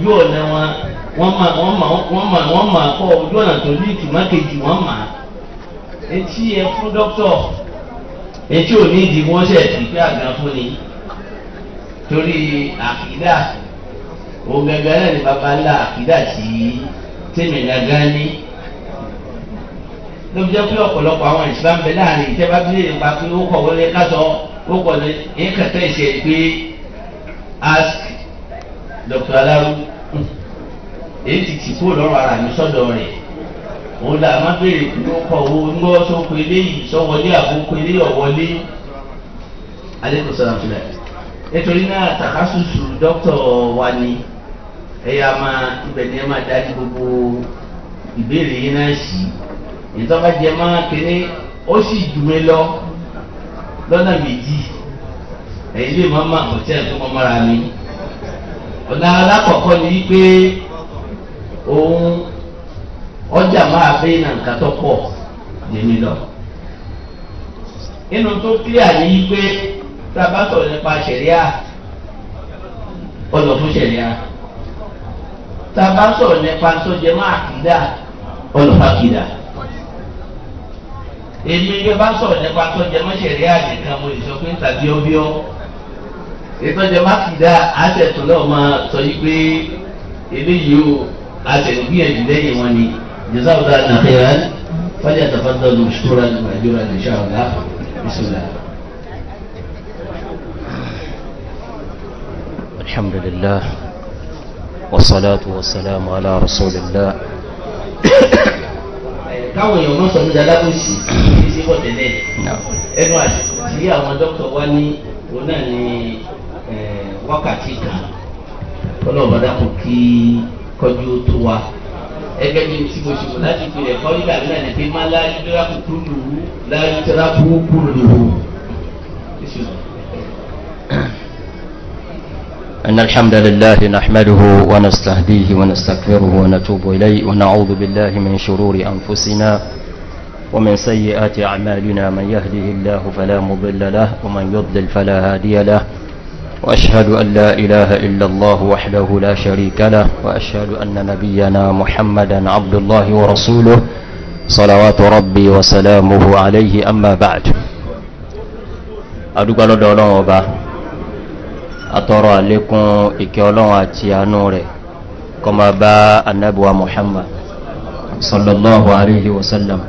ojú ọ̀nà wọn wọ́n mà wọ́n mà wọ́n mà wọ́n mà kọ́ ojú ọ̀nà tó ní ìtìmọ́kejì wọ́n mà etí ẹ fún dókítọ̀ etí ò ní ìdí wọ́n ṣẹ̀ sí àgbà fún ni torí àkìdá òun gẹ́gẹ́ náà ni bàbá ńlá àkìdá sí tèmi gángan ní ló fi jẹ́ pé ọ̀pọ̀lọpọ̀ àwọn ìṣúná ń bẹ láàrin ìjẹba bí lè pa pé ó kọ̀ wọlé kásọ̀ ó kọ̀ ní kẹ̀kẹ́ ìṣe pé ask dr alaru èyí ti tì kúrò lọ́rùn ara mi sọ́dọ̀ rẹ̀ òun là má béèrè kúrò kọ owó ńgbọ́ sóko eléyìí sọ́wọ́lé àbókò eléyìí ọ̀wọ́lé alẹ́kùn sọ̀rọ̀ fúnra nítorí náà takasusu dókítà wa ni ẹ̀yà máa ibẹ̀ ni ẹ máa dájú gbogbo ìbéèrè yín náà sí ìtọ́bàjẹ́ máa kéde ó sì lọ lọ́nà méjì lè má má ẹ̀ tó mọ́ ọ̀nà alákọ̀ọ́kọ́ ni wípé òun ọjà máa fẹ́ nà nǹkan tó pọ̀ lèmi lọ. tó kílíà ni wípé tá a bá sọ̀rọ̀ nípa sẹ̀ríà fún sẹ̀ríà a bá sọ̀rọ̀ nípa sójẹ́ máa kìdá ọlọ fà kìdá èmi yóò bá sọ̀rọ̀ nípa sójẹ́ máa sẹ̀ríà nìkan mo lè sọ pé tàbí ìtọ́jọ mákìdá àtẹ̀tún náà máa sọ yí pé eléyìí ó àtẹ̀gbìyànjú lẹ́yìn wọn ni jẹ́sàbùdá nàkẹ́rẹ́ fọ́jà tàfàdà lùsùtúrà nàìjíríà nàìjíríà bisimilá. الحمد لله والصلاة والسلام على رسول الله káwọn èèyàn náà sọ ní dalábòsì ní sí bọ̀dẹ̀lẹ̀ ẹnu àti àwọn wákàtí kan ọlọ́ọ̀bá kò kí kọjú tó wa ẹgbẹ́ mi tí mo ṣòwò láti fi rẹ̀ kọ́ nígbà mílíọ̀nù pé má láyé dúrákù kú lùwú láyé dúrákù kú lùwú. أن الحمد لله نحمده ونستهديه ونستغفره ونتوب إليه ونعوذ بالله من شرور أنفسنا ومن سيئات أعمالنا من يهده الله فلا مضل له ومن يضلل فلا هادي له وأشهد أن لا إله إلا الله وحده لا شريك له وأشهد أن نبينا محمدا عبد الله ورسوله صلوات ربي وسلامه عليه أما بعد أدوك لدولون وبا أترى لكم إكيولون أتيانو كما با النبوة محمد صلى الله عليه وسلم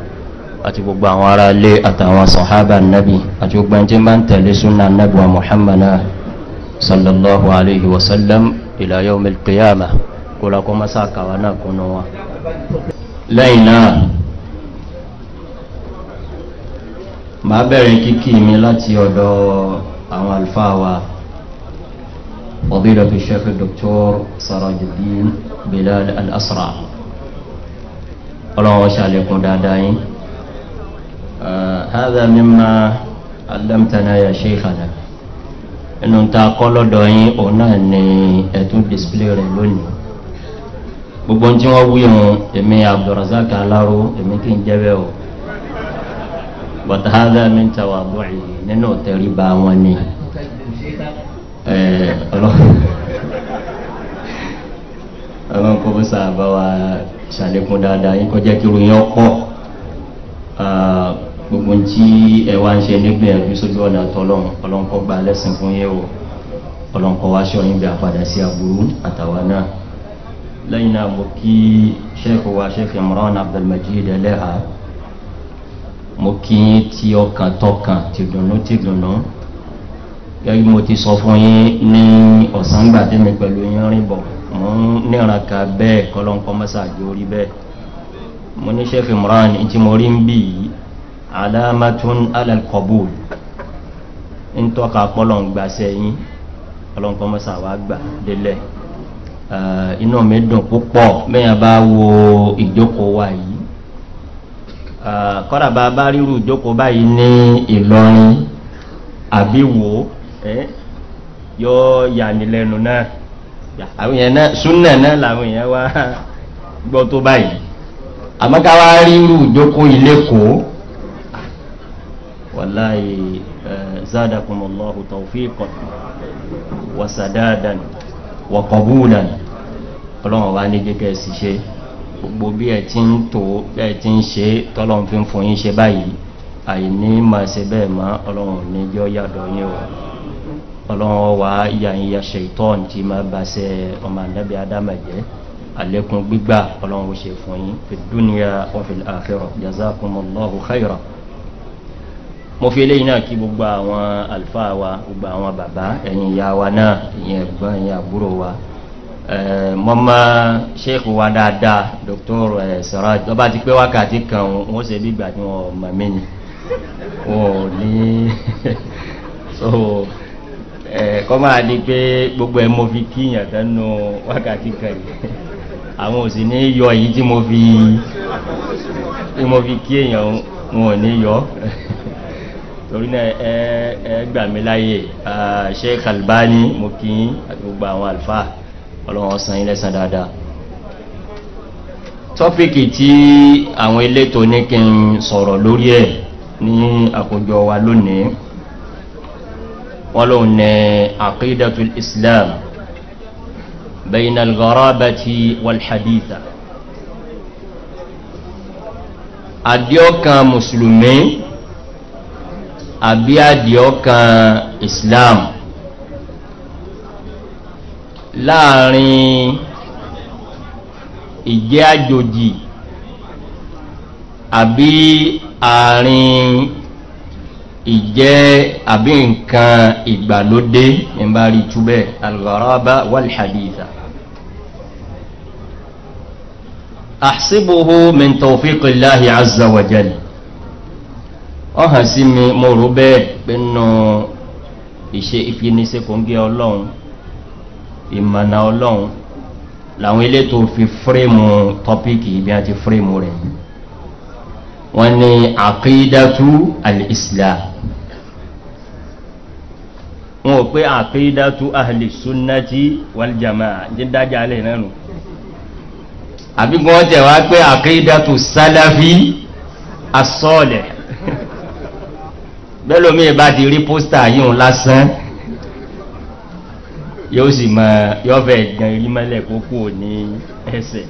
àti gbogbo àwọn ará ilé النبي sọ̀hábà nàbì من gbogbo ẹni tí صلى الله عليه وسلم إلى يوم القيامة كلكم ساكا وانا كنوا لينا ما بين كيكي ملاتي ودو أمال فاوى فضيلة الشيخ الدكتور سراج الدين بلال الأسرع الله وشالك دادين آه هذا مما علمتنا يا شيخنا ẹnu ta kọ́ lọ́dọ̀ yín òun náà ni ẹ̀tún display rẹ̀ lónìí gbogbo tí wọ́n wí hun èmi abdulrasaq alaro èmi kì í jẹ́bẹ̀ o bọ̀tàhádà mi ta wà bọ̀ yìí nínú tẹ̀rí ba wọn ni ọlọ́run kò bí sáà bá dáadáa yín kọjá kí irun yẹn gbogbo tí ẹwà ń ṣe nígbìyànjú sójú ọ̀nà tọ́lọ́run ọlọ́nkọ́ gba lẹ́sìn fún yẹ́ o ọlọ́nkọ́ wá ṣọ́ yín bí àpadà sí àbúrú àtàwà náà lẹ́yìn náà mo kí sheikh wa sheikh imran abdulmajid ẹlẹ́ha mo kí yín tí ọkàn tọkàn ti dùnú ti dùnú gẹ́gẹ́ mo ti sọ fún yín ní ọ̀sán gbà tẹ́mi pẹ̀lú yín rìn bọ̀ mo ń níran ka bẹ́ẹ̀ kọ́lọ́nkọ́ mọ́sàájú orí bẹ́ẹ̀ mo ní sheikh imran tí mo rí ń bì yìí alamatun alalkobul ń tọ́ka pọ́lọ̀n gbà sẹ́yìn ọlọ́nkọ́ mọ́sà wá gbà délẹ̀ inú mi dùn púpọ̀ mẹ́yàn bá wo ìjókòó wa yìí kọ́dà bá bá ríru ìjókòó báyìí ní ìlọrin àbíwò yóò yà ní lẹ́nu náà àwọn èèyàn náà súnà náà làwọn èèyàn wá gbọ́ tó báyìí àmọ́ ká wá ríru ìjókòó ilé kòó والله زادكم الله توفيقا وسدادا وقبولا ọlọ́run wa ní jẹ́kẹ́ sí ṣe gbogbo bí ẹ ti ń tó ẹ ti ń ṣe tọ́lọ́run fi ń fún yín ṣe báyìí àìní ma ṣe bẹ́ẹ̀ má ọlọ́run ní jọ yàdọ̀ yín o ọlọ́run wa yàyìn ya ṣe ìtọ́n tí ma bá ṣe ọmọ àdábẹ́ adámẹ̀jẹ́ àlékún gbígbà ọlọ́run ṣe fún yín fi dúnìyà wọ́n fi àfẹ́rọ̀ jazakumullahu khairan mo fi eléyìí náà kí gbogbo àwọn àlùfáà wa gbogbo àwọn bàbá ẹ̀yìn ìyá wa náà ìyẹn ẹ̀gbọ́n ìyẹn àbúrò wa mọ́mọ́ sheikh wa dáadáa dr sara ìjọba ti pé wákàtí kan wọ́n ṣe bí ìgbà tí wọ́n mọ̀ mí ni wọ́n ò ní so kọ́ máa di pé gbogbo ẹ̀ mo fi kíyàn tẹ́nu wákàtí kan yìí àwọn òsì ní yọ èyí tí mo fi kí èèyàn wọn ò ní yọ torí náà ẹgbà mi láyé ṣe kalbani mo kí àti gbogbo àwọn alfa ọlọ́wọ́n san ilẹ̀ san dáadáa tọ́pìkì tí àwọn elétò ní kí n sọ̀rọ̀ lórí ẹ̀ ní àkójọ wa lónìí wọ́n lóun ní àkídàtul islam bẹ́yìn algarabati walhaditha àdíọ́kan àbí àdìọ́kan islam láàrin ìjẹ́ àjòjì àbí ààrin ìjẹ́ àbí nǹkan ìgbàlódé ìbárí túbẹ̀ algharaba walhadiza ahsibuhu min tawfiqillahi azza wa jalla ọ hàn sí mi mo rò bẹ́ẹ̀ pé nù ìṣe ìfinisẹ́ kò ń gé ọlọ́run ìmọ̀nà ọlọ́run làwọn elétò fi fírémù tọ́píkì ibi àti fírémù rẹ̀ wọ́n ní àkídàtú al'islam wọn ò pé àkídàtú ahìlìsúnnàtí waljama dídájá alẹ́ nánu àbígbọ́n tẹ̀wàá pé àkídàtú sálàfí asọ́ọ̀lẹ̀ bẹ́lómi bá ti rí póstà yíò lásán yóò sì mọ̀ yọ́fẹ́ ìgbẹ̀n rí mẹ́lẹ̀ kókó ní ẹsẹ̀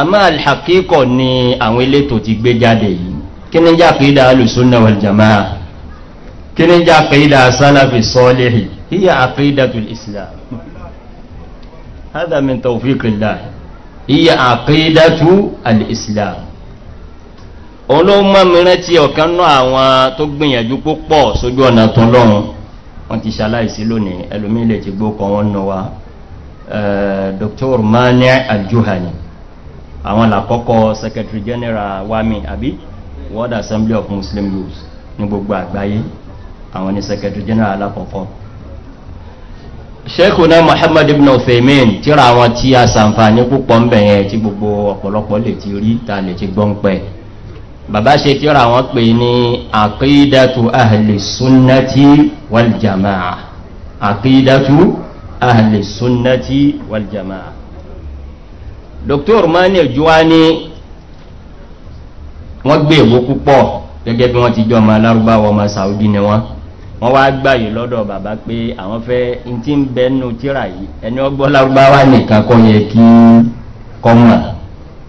àmá alhakíkọ̀ ni àwọn elétò ti gbé jáde yìí kí ní já pé ìdá alùsúnnà wal jama'a kí ní já pé ìdá islam òun ló mọ́ mìíràn tí ọ̀kan náà àwọn tó gbìyànjú púpọ̀ sójú ọ̀nà tó lọ́run wọ́n ti ṣaláìsí lónìí ẹlòmí lè ti gbókọ̀ wọn nù wa eh, dr mani aljuhani àwọn làkọ́kọ́ secretary general wami àbí world assembly of muslim youth ní gbogbo àgbáyé àwọn ni secretary general alákọ̀ọ́kọ́ sheikuna muhammad ibn ofemin tíra àwọn tí a sàǹfààní púpọ̀ ń bẹ̀yẹn tí gbogbo ọ̀pọ̀lọpọ̀ lè ti rí ta lè ti gbọ́n pẹ́ bàbá ṣe tí ọ́rà wọn pè ní àkídàtù ahìlìsúnnàtí wàljàmáà àkídàtù ahìlìsúnnàtí wàljàmáà dr mani juwani wọ́n gbé èwo púpọ̀ gẹ́gẹ́ bí wọ́n ti jọ ọmọ alárúbáwọ̀ ọmọ saudi ni wọ́n wọ́n wá gbàyè lọ́dọ̀ bàbá pé àwọn fẹ́ tí ń bẹ́ tíra yìí ẹni ọgbọ́n lárúbáwá nìkan kọ́ yẹ kí kọ́mà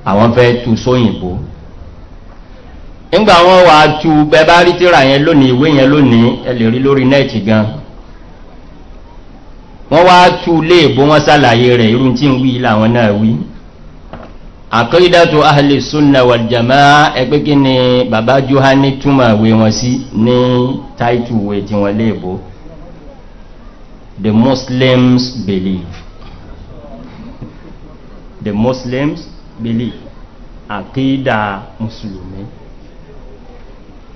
àwọn fẹ́ tu sóyìnbó nígbà wọn wà á tu bẹ bá rí tíra yẹn lónìí ìwé yẹn lónìí ẹ lè rí lórí nẹ́ẹ̀tì gan wọ́n wá tu léèbó wọ́n sàlàyé rẹ̀ irú tí ń wí làwọn náà wí àkọ́ídàtò ahàlè súnà wàjàmá ẹgbẹ́ kí ni bàbá johani túmọ̀ wé wọn sí ní táìtù wé tí wọ́n léèbó the muslims believe the muslims believe àkídà mùsùlùmí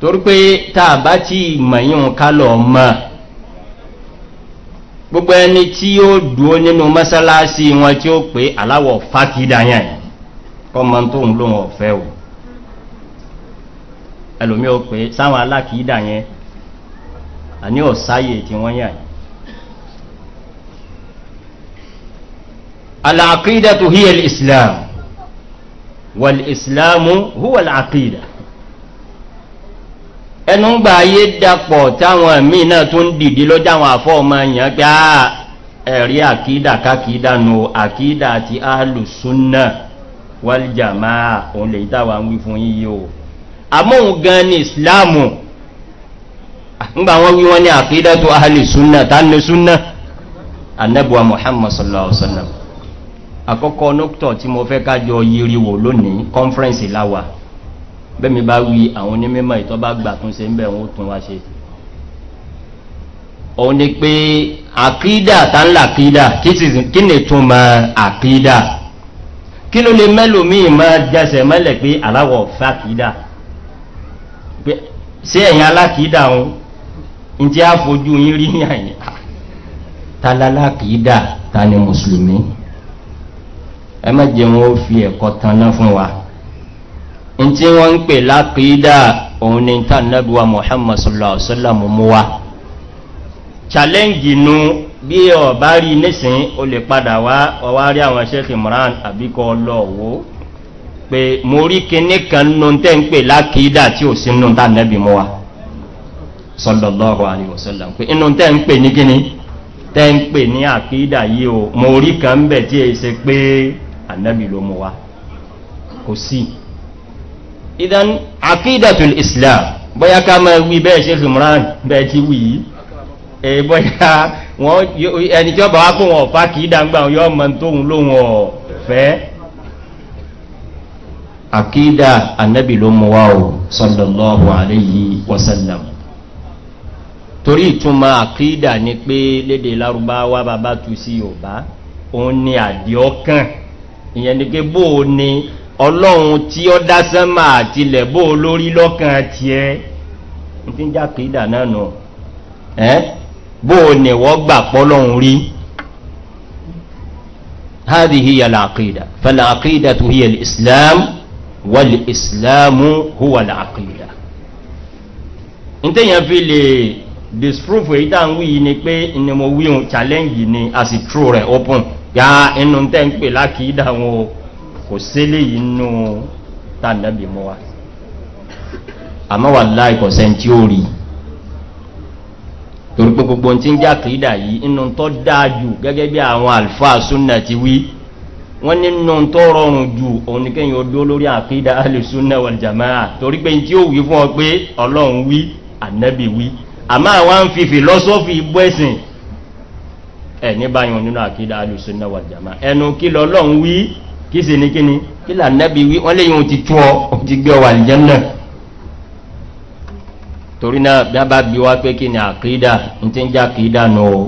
torí pé tàà bá tí ìmọ̀yìn kálọ̀ mọ̀ gbogbo ẹni tí ó dúó nínú mọ́sálásí wọn tí ó pé aláwọ̀ fákídáyàn kọmọ tó ń lóhun ọ̀fẹ́ o ẹlòmí ó pé sáwọn alákìídáyàn àní ọ̀sáyè tí wọ́n yàn العقيدة هي الإسلام والإسلام هو العقيدة ẹnu ń gba ayé dapọ̀ táwọn míì náà tó ń dìdí ọmọ èèyàn gbá ẹ̀rí àkídà kákídà nù àkídà àti alùsúnnà wàlìjàmá òun lè dáwà ń wí fún yíyí o gan ní ìsìláàmù ńgbà wọ́n wí wọ́n ní àkídà tó alùsúnnà tánú muhammad sallallahu àkọ́kọ́ tí mo fẹ́ yiri wò lónìí kọ́nfẹ́rẹ́nsì láwàá bẹ́mi bá wí àwọn onímọ̀ ìtọ́ bá gbà tún se ń bẹ̀ wọ́n tún wá ṣe òun ni pé àkídà tá ń làkídà kí ni tún ma àkídà kí ló lè mẹ́lòmíì ma jẹsẹ̀ mẹ́lẹ̀ pé aláwọ̀ fàkídà sí ẹ̀yìn alákìídà ohun tí a fojú yín rí ní àyìn ah, tàlálákìídà ta ni mùsùlùmí ẹ mẹ́jẹ̀ wọn ó fi ẹ̀kọ́ tanná fún wa in tí wọ́n ń pè lápídà òun ni ta nẹ́bùwa mohamed sallallahu alaihi wasallam mú wa challenge nu bí ọ̀bá rí nísìn o lè padà wá ọwá rí àwọn sheikh imran àbíkọ́ lọ́wọ́ pé mo rí kíní kan nù tẹ́ ń pè lápídà tí ò sí nù ta nẹ́bì mú wa sallallahu alaihi wasallam pé inú tẹ́ ń pè ní kíní tẹ́ ń pè ní àpídà yìí o mo kò sí idan akidatul islam bóyá ká máa wí bẹ́ẹ̀ ṣe ìmúràn bẹ́ẹ̀ ti wì í bóyá wọn ẹni tí ó bá wá kó wọn ọ̀fà kì í dàgbà yọ ọmọ tóun lóhun ọ̀fẹ́ akida anabi ló mú wa o sallallahu alayhi wa sallam torí ìtumọ̀ akida ni pé léde lárúbáwá bàbá tu sí yorùbá òun ni àdìọ́kàn ìyẹn ni pé bóò ni ọlọ́run tí ó dá sánmà àti lẹ̀bó olórí lọ́kàn ti ẹ́ tí ń jákè ìdà náà nù ẹ́ bó o ní wọ́n gbà pọ́lọ́run rí hádìí hiyà làkìdà fẹ́lá àkìdà tó hiyà islam wàlì islamu huwà làkìdà ní tẹ́yàn fi lè disprove èyí tá ń wí ni pé ni mo wí challenge ni a sì true rẹ̀ open ya inú tẹ́ ń pè lákìí dáwọn o kò sílé yìí nú tànàbì mọ́ wa àmọ́ wà láì kọ̀sẹ̀ tí ó rí torí pé gbogbo tí ń jákèédà yìí inú tó dáájú gẹ́gẹ́ bí àwọn alfáà súnà ti wí wọ́n nínú tó rọrùn jù òun ní kẹ́yìn odó lórí àkídà alìsúnà wàljàmáà torí pé tí ó wí fún ọ pé ọlọ́run wí ànẹ́bì wí àmọ́ àwọn ń fi fìlọ́sọ́fì ibú ẹ̀sìn ẹ̀ ní báyìí nínú àkídà alìsúnà wàljàmáà ẹnu kí lọ́lọ́run wí kí sì ní kíni kí là nẹ́bi wí wọ́n léyìn ohun ti tú ọ o ti gbé ọwà àlìjẹ́ náà torí náà bí a bá bí wá pé kí ni àkídà ní ti ń jẹ́ àkídà nù o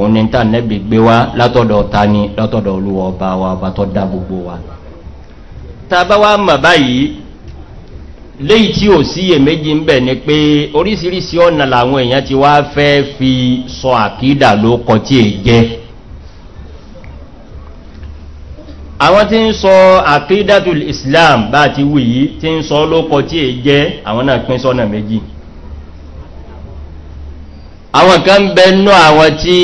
òun ni ta nẹ́bi gbé wá látọ̀dọ̀ ta ni látọ̀dọ̀ olúwa ọba wa ọba tó dá gbogbo wa tá a bá wá mọ̀ báyìí léyìí tí ò sí èméjì ń bẹ̀ ni pé oríṣiríṣi ọ̀nà làwọn èèyàn ti wá fẹ́ fi sọ àkídà ló kọ tí è jẹ́ àwọn tí ń sọ àkídàtul islam bá ti wù yìí tí ń sọ lókọ tí è jẹ́ àwọn náà pín sọ́nà méjì àwọn kan bẹ àwọn tí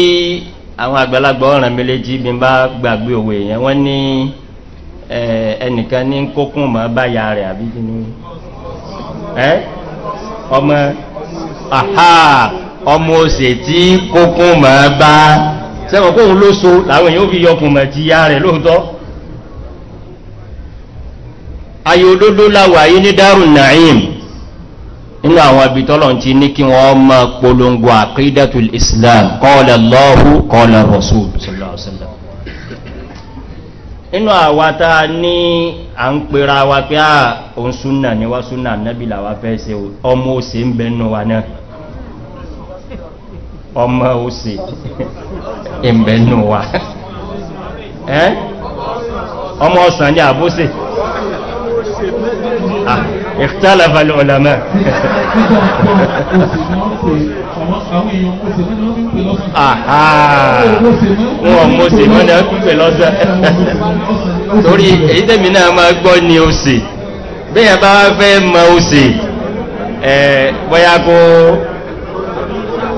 àwọn àgbàlagbà ọ̀ràn mele létí bí n bá gbàgbé òwe yẹn wọ́n ní ẹnìkan ní kókún mọ́ báyà rẹ̀ àbí kí ni bá sẹ́wọ̀n làwọn èèyàn ó fi yọkùn mọ̀ ti yá rẹ̀ ayé olódó láwà yí ní dárù naim nínú àwọn ibi tọ́lọ̀ ti ní kí wọ́n ma polongo àkídàtul islam kọ́ọ̀lẹ̀ lọ́hù kọ́ọ̀lẹ̀ rasul nínú ní à ń pera wa pé à òun súnà ni wá súnà nábìlà wá fẹ́ se ọmọ òsè ń bẹnu wa náà ọmọ òsè ń bẹnu wa ọmọ ní ìtàlà balẹ̀ ọ̀làmẹ́ wọn mọ́ sí mọ́ ní ọkùnfẹ́ lọ́sẹ̀ torí èyí tẹ́mi náà máa gbọ́ ní òsì bí ẹ bá fẹ́ mọ́ òsì ẹ̀ bọ́yá kó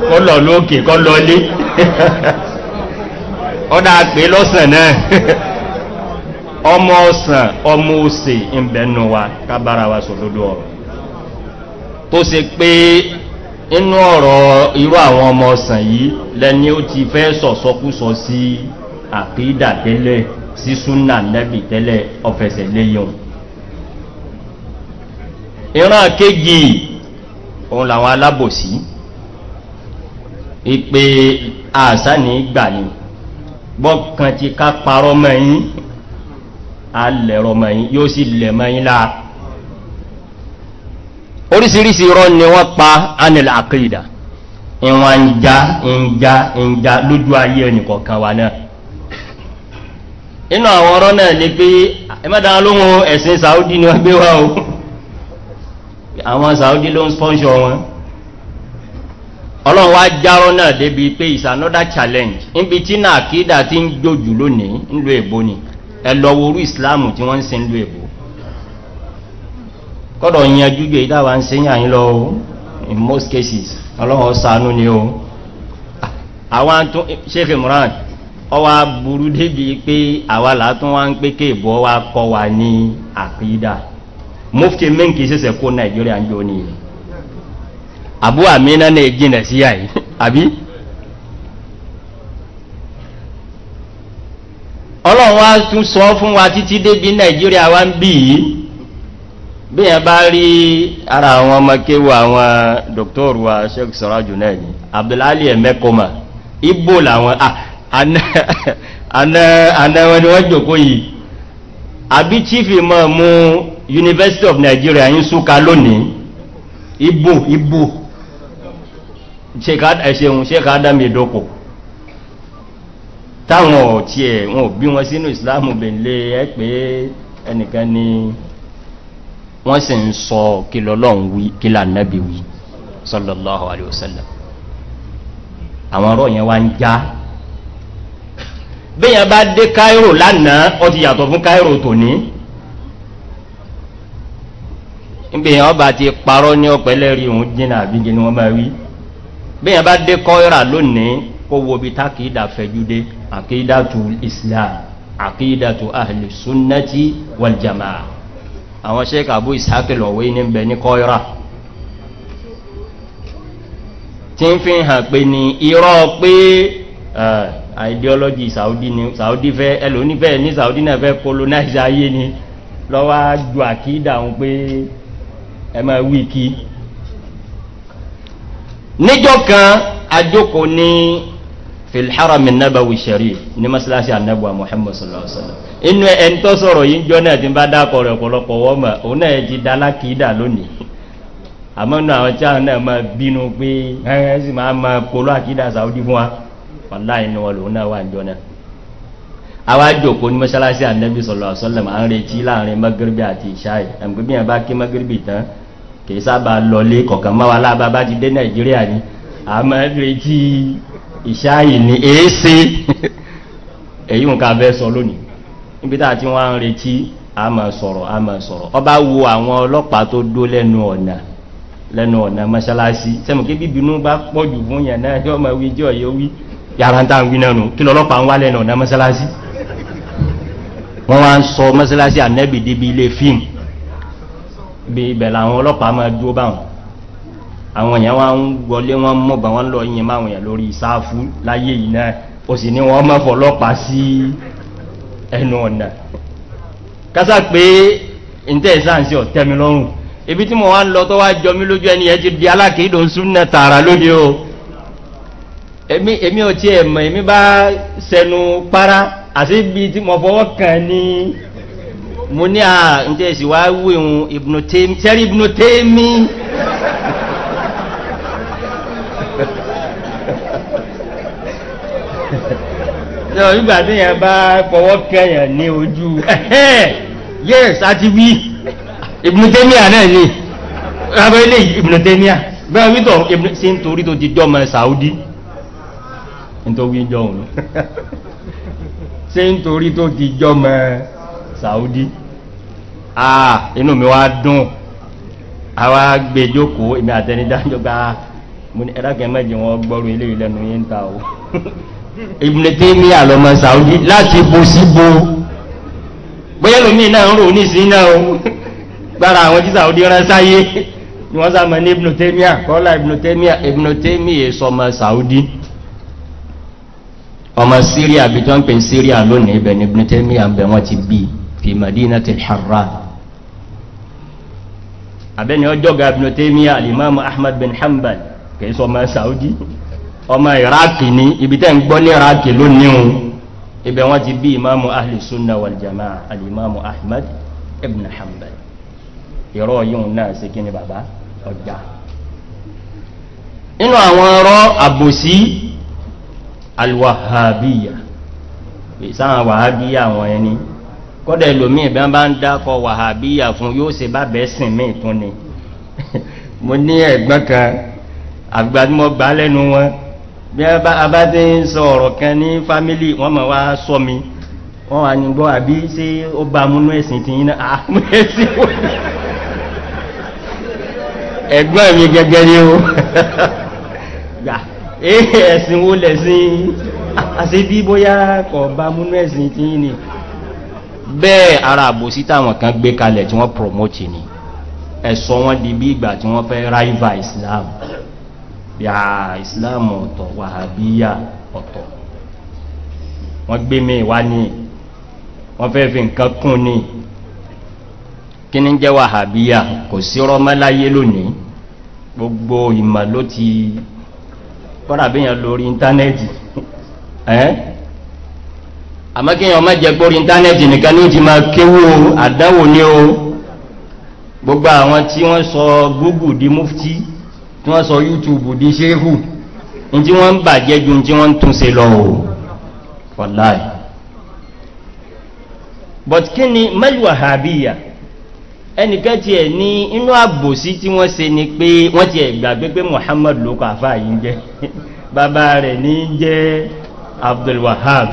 kọlọ̀ lókè kọlọ̀ lé ọdá pé lọ́sẹ̀ náà ọmọ ọ̀sàn ọmọ òsè ìbẹ̀nù wa kábára wa sòdodo ọ̀rọ̀ tó se pé inú ọ̀rọ̀ irú àwọn ọmọ ọ̀sàn yìí lẹni ó ti fẹ́ sọ̀sọ́kúsọ sí àkídà tẹ́lẹ̀ sí súnà tẹ́lẹ̀ ọ̀fẹsẹ̀ léyàn ìran kéjì òun làwọn alábòsí ìpè àṣà ní gbà ní ti ká parọ́ mọ́ alẹ̀rọ̀mọ̀yìn orísìírísìí rọ ni wọ́n pa anil akida ìwọ̀n ń já ń lójú ayé ẹnìkọ̀ọ̀kan wa náà inú àwọn ọ̀rọ̀ náà ni pé ẹmọ́dá olóhun ẹ̀sìn saudi ni wọ́n gbé wá o àwọn saudi ló ń sponsor wọn ọlọ́run is challenge ibi tí náà ti ń lónìí ń lo ẹlọ́wọ́ orú ìsìláàmù tí wọ́n ń se ń lú èbò kọ́dọ̀ yanjú gbé ìdáwà ń se ń yàn lọ in most cases ọlọ́wọ́ sànú ni o àwọn tó sheikh imran ọwá burú débi pé àwa látún wá ń pé kéèbọ́ wá kọ́ wa ní àkídà mufti minki sẹ́sẹ̀ kó nàìjíríà ń jọ ní àbúwà mí náà ní sí àyí àbí ọlọ́run wá tún sọ fún wa títí débi nàìjíríà wá ń bì yìí bí yẹn bá rí ara àwọn ọmọkéwò àwọn dr wa sheikh sọ́rájù náà ni abdullahi emekoma ibo làwọn anáwọn ni wọ́n jòkó yìí àbí chief imọ̀ mú university of nigeria yín súnka lónìí ibo ibo sheikh adam idoko táwọn ò tí ẹ̀ wọn bí wọn sínú ìsìláàmù bèèlè ẹ pé ẹnìkan ni wọ́n sì ń sọ kí lọ́lọ́run wí kí lànàbí wí àwọn ọ̀rọ̀ yẹn wá ń já bẹ́yàn bá dé lánàá ọ ti yàtọ̀ fún cairo tòní ọba ti parọ́ ní ọpẹ́lẹ́ òun jìnà àbíjẹ ni wọ́n bá wí bẹ́yàn bá dé kọ́ra lónìí kó wo bí àkídàtù islam àkídàtù ahìlì súnnàtí wàljàmà àwọn sheik abu ishaqilọ̀wé ní bẹ̀ ní kọ́ira tí ń fi hàn pé ní irọ́ pé ideology saudi ni saudi fẹ́ ẹlòmífẹ́ ní saudi náà fẹ́ colonize ayé ni lọ́wọ́ ju àkídà pé ẹ máa wíkí níjọ́ kan àjókò ní filharami nabawi sharif ní masalasi anabuwa muhammad sallallahu alaihi wasallam inú ẹni tó sọ̀rọ̀ yìí jọ náà ti bá dákọ̀ rẹ̀ ọ̀pọ̀lọpọ̀ wọ́n mọ̀ òun náà ti da lákìídà lónìí àmọ́ náà àwọn tí àwọn náà máa bínú pé ẹ̀rẹ́ sì máa máa polú àkìídà saudi fún wa wàlá inú wọn lòun náà wà ń jọ náà àwa jòkó ní masalasi anabi sallallahu alaihi wasallam à ń retí láàrin magrebi àti ìṣáì àgbẹ̀bí yẹn bá kí magrebi tán kì í sábà lọlé kọ̀ọ̀kan máa wà láàbá bá ti dé nàìjíríà ni àmọ́ retí ìṣáyì ní èése èyí ń ká bẹ́ sọ lónìí níbi tá tí wọ́n ń retí a máa sọ̀rọ̀ a máa sọ̀rọ̀ ọba wo àwọn ọlọ́pàá tó dó lẹ́nu ọ̀nà lẹ́nu ọ̀nà mọ́ṣáláṣí sẹ́mu kí bíbinú bá pọ̀ jù fún yàn náà yọ́ máa wí jọ́ yóò wí yàrá ń tàn wí náà nù kí lọ́lọ́pàá ń wá lẹ́nu ọ̀nà mọ́ṣáláṣí wọ́n wá ń sọ mọ́ṣáláṣí ànẹ́bì débi ilé fíìmù ibẹ̀ làwọn ọlọ́pàá máa dúró báwọn àwọn èèyàn wá ń wọlé wọn mọ́bà wọn lọ yìn máa wọ̀nyàn lórí ìsáàfú láyé yìí náà ó sì ní wọ́n mọ́ fọlọ́pàá sí ẹnu ọ̀nà kásá pé ǹtẹ́ ìsáǹsì ọ̀tẹ́mi lọ́rùn ibi tí mo wá ń lọ tó wá jọ mí lójú ẹni ẹ ti di alákèédò súnà tààrà lóde o èmi ò tiẹ̀ mọ̀ èmi bá sẹnu para àti ibi tí mo fọwọ́ kàn ní mo ní à ǹtẹ́ ìsìwá wíhun ìbùnú tèmi náà nígbà tí yẹn bá fọwọ́ kẹyàn ní ojú yes àti wí ìbùnútẹ́míà náà ni rábẹ́ ilé ìbùnútẹ́míà bẹ́ẹ̀ wítọ̀ sí nítorí tó ti jọmọ saudi nítorí jọun sí nítorí tó ti jọmọ saudi ah inú mi wá dùn àwa gbèjókòó ìmì àtẹnidájọba mo ní ẹ̀dá kẹ́mẹ́jì wọn gbọ́rù ilé ìlẹ́nu yín ta o Ibn Taymiyyah lọ́mọ Saudi láti bo síbo bóyẹ́lòmí náà ń rò ní sí náà o gbára àwọn tí Saudi rán sáyé ni wọ́n sá mọ̀ ní Ibn Taymiyyah kọ́lá Ibn Taymiyyah Ibn Taymiyyah sọmọ Saudi ọmọ Syria bí tó ń pè Syria lónìí ibẹ̀ ni Ibn Taymiyyah ń bẹ̀ wọ́n ti bí fi Madinatil Harran abẹ́ni ọjọ́ ga Ibn Taymiyyah imam Ahmad bin Hanbal kìí sọmọ Saudi ọmọ ìráàkì ní ibi tẹ́ ń gbọ́ ní ìráàkì lónìí ibẹ̀ wọ́n ti bí imamu ahli sunna wal jama'a alimamu ahmad ibn hanbal ìrọ̀ yíò náà sí kí ni bàbá ọjà inú àwọn ọ̀rọ̀ àbòsí alwahabiya ìsáhàn wàhábíyà àwọn ẹni kọ́dẹ̀ ìlòmí ìbẹ́ bá ń dákọ wàhábíyà fún yóò se bá bẹ́ sìn mí ìtún ni mo ní ẹ̀gbọ́n kan àgbàdúmọ̀ gbá wọn bí a bá ti ń sọ ọ̀rọ̀ kan ní fámílì wọ́n ma wá sọ mi wọ́n wà ní gbọ́ àbí sí ó bá múnú ẹ̀sìn ti yínà àmúhẹ́sí ah, ẹ̀gbọ́n mi gẹ́gẹ́ ní o ẹ̀sìn ó lẹ̀sìn àti bí bóyá kọ̀ bá múnú ẹ̀sìn ti yínà bẹ́ẹ̀ ara àbòsí táwọn kan gbé kalẹ̀ tí wọ́n promote ni ẹ̀sọ́ wọn di bí ìgbà tí wọ́n fẹ́ rival islam bíà ìsìláàmù ọ̀tọ̀ wàhábíyà ọ̀tọ̀ wọ́n gbé mi wá ní wọ́n fẹ́ fi nǹkan kún ní kí ní jẹ́ wàhábíyà kò sí rọ́mọ́láyé lónìí gbogbo ìmọ̀ ló ti kọ́ra bí yẹn lórí íńtánẹ́ẹ̀tì ẹ́ àmọ́ kí yẹn ọmọ jẹ gbórí íńtánẹ́ẹ̀tì nìkan ní ti máa kéwò àdánwò ní o gbogbo àwọn tí wọ́n sọ gúgù di mufti tí wọ́n sọ youtube di ṣéhù ní tí wọ́n ń bàjẹ́ ju tí wọ́n ń tún se lọ o fọ́láì but kí ni mẹ́lùwà àbíyà ẹnìkan ti ẹ̀ ní inú àbòsí tí wọ́n se ni pé wọ́n ti ẹ̀ gbàgbé pé muhammad ló kọ àfáà yìí jẹ́ bàbá rẹ̀ ní jẹ́ abdulwahab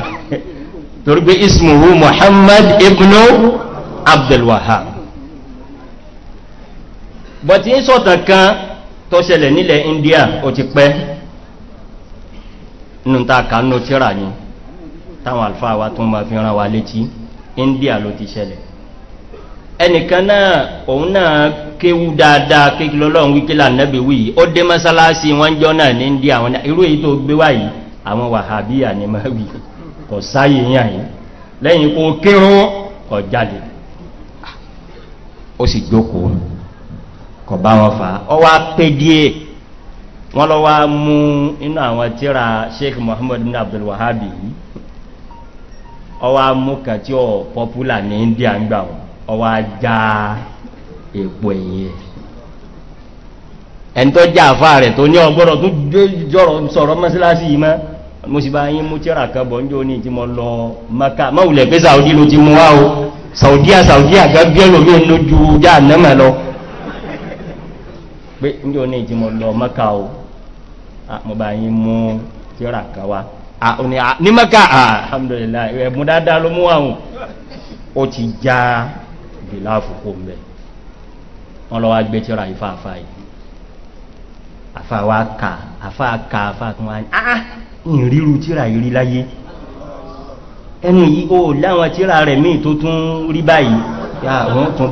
torí pé ismuhu muhammad ibnu abdulwahab but ní sọ̀tàn kan tó ṣẹlẹ̀ nílẹ̀ india o ti pẹ́ nínú ta kánú tíra ní táwọn ma fi ran wa létí india ló ti ṣẹlẹ̀ ẹnìkan náà òun náà kéwú dáadáa kéèkì wíkílà nẹ́bí o ó dé mọ́sálásí wọ́n jọ náà ní ndí àwọn irú èyí tó gbé wáyìí àwọn wàhábíyà ni wí sáyé yàn yìí lẹ́yìn kó kọ̀ bá wọn fà ọ wá pé díẹ̀ wọ́n lọ wá mú inú àwọn tíra sheikh Mohamed bin abdul wahabi yìí ọ wá mú kan tí ọ pọ́pùlà ní india ń gbà wọn ọ wá já èpo ẹ̀yìn ẹ̀ ẹni tó já àfa rẹ̀ tó ní ọgbọ́dọ̀ tó jọrọ sọ̀rọ̀ mọ́síláṣí yìí mọ́ mo sì bá yín mú tíra kan bọ̀ níjọ́ ní tí mo lọ maka mọ́wùlẹ̀ pé saudi ló ti mú wá o saudiya saudiya gẹ́gẹ́ lómi lójú já nàmà lọ. pé njó ní ìtí mo lọ o mo bá yín mú tíra kan wa ní a alhamdulillah ẹ̀bùn dáadáa ló mú àwọn ti já bìlá mbẹ wọn lọ wa ka, afa ka, afa kan wá ní ah ìrírú tíra ìrí láyé ẹnu yìí láwọn tíra rẹ̀ míì tó tún rí báyìí yà wọ́n tún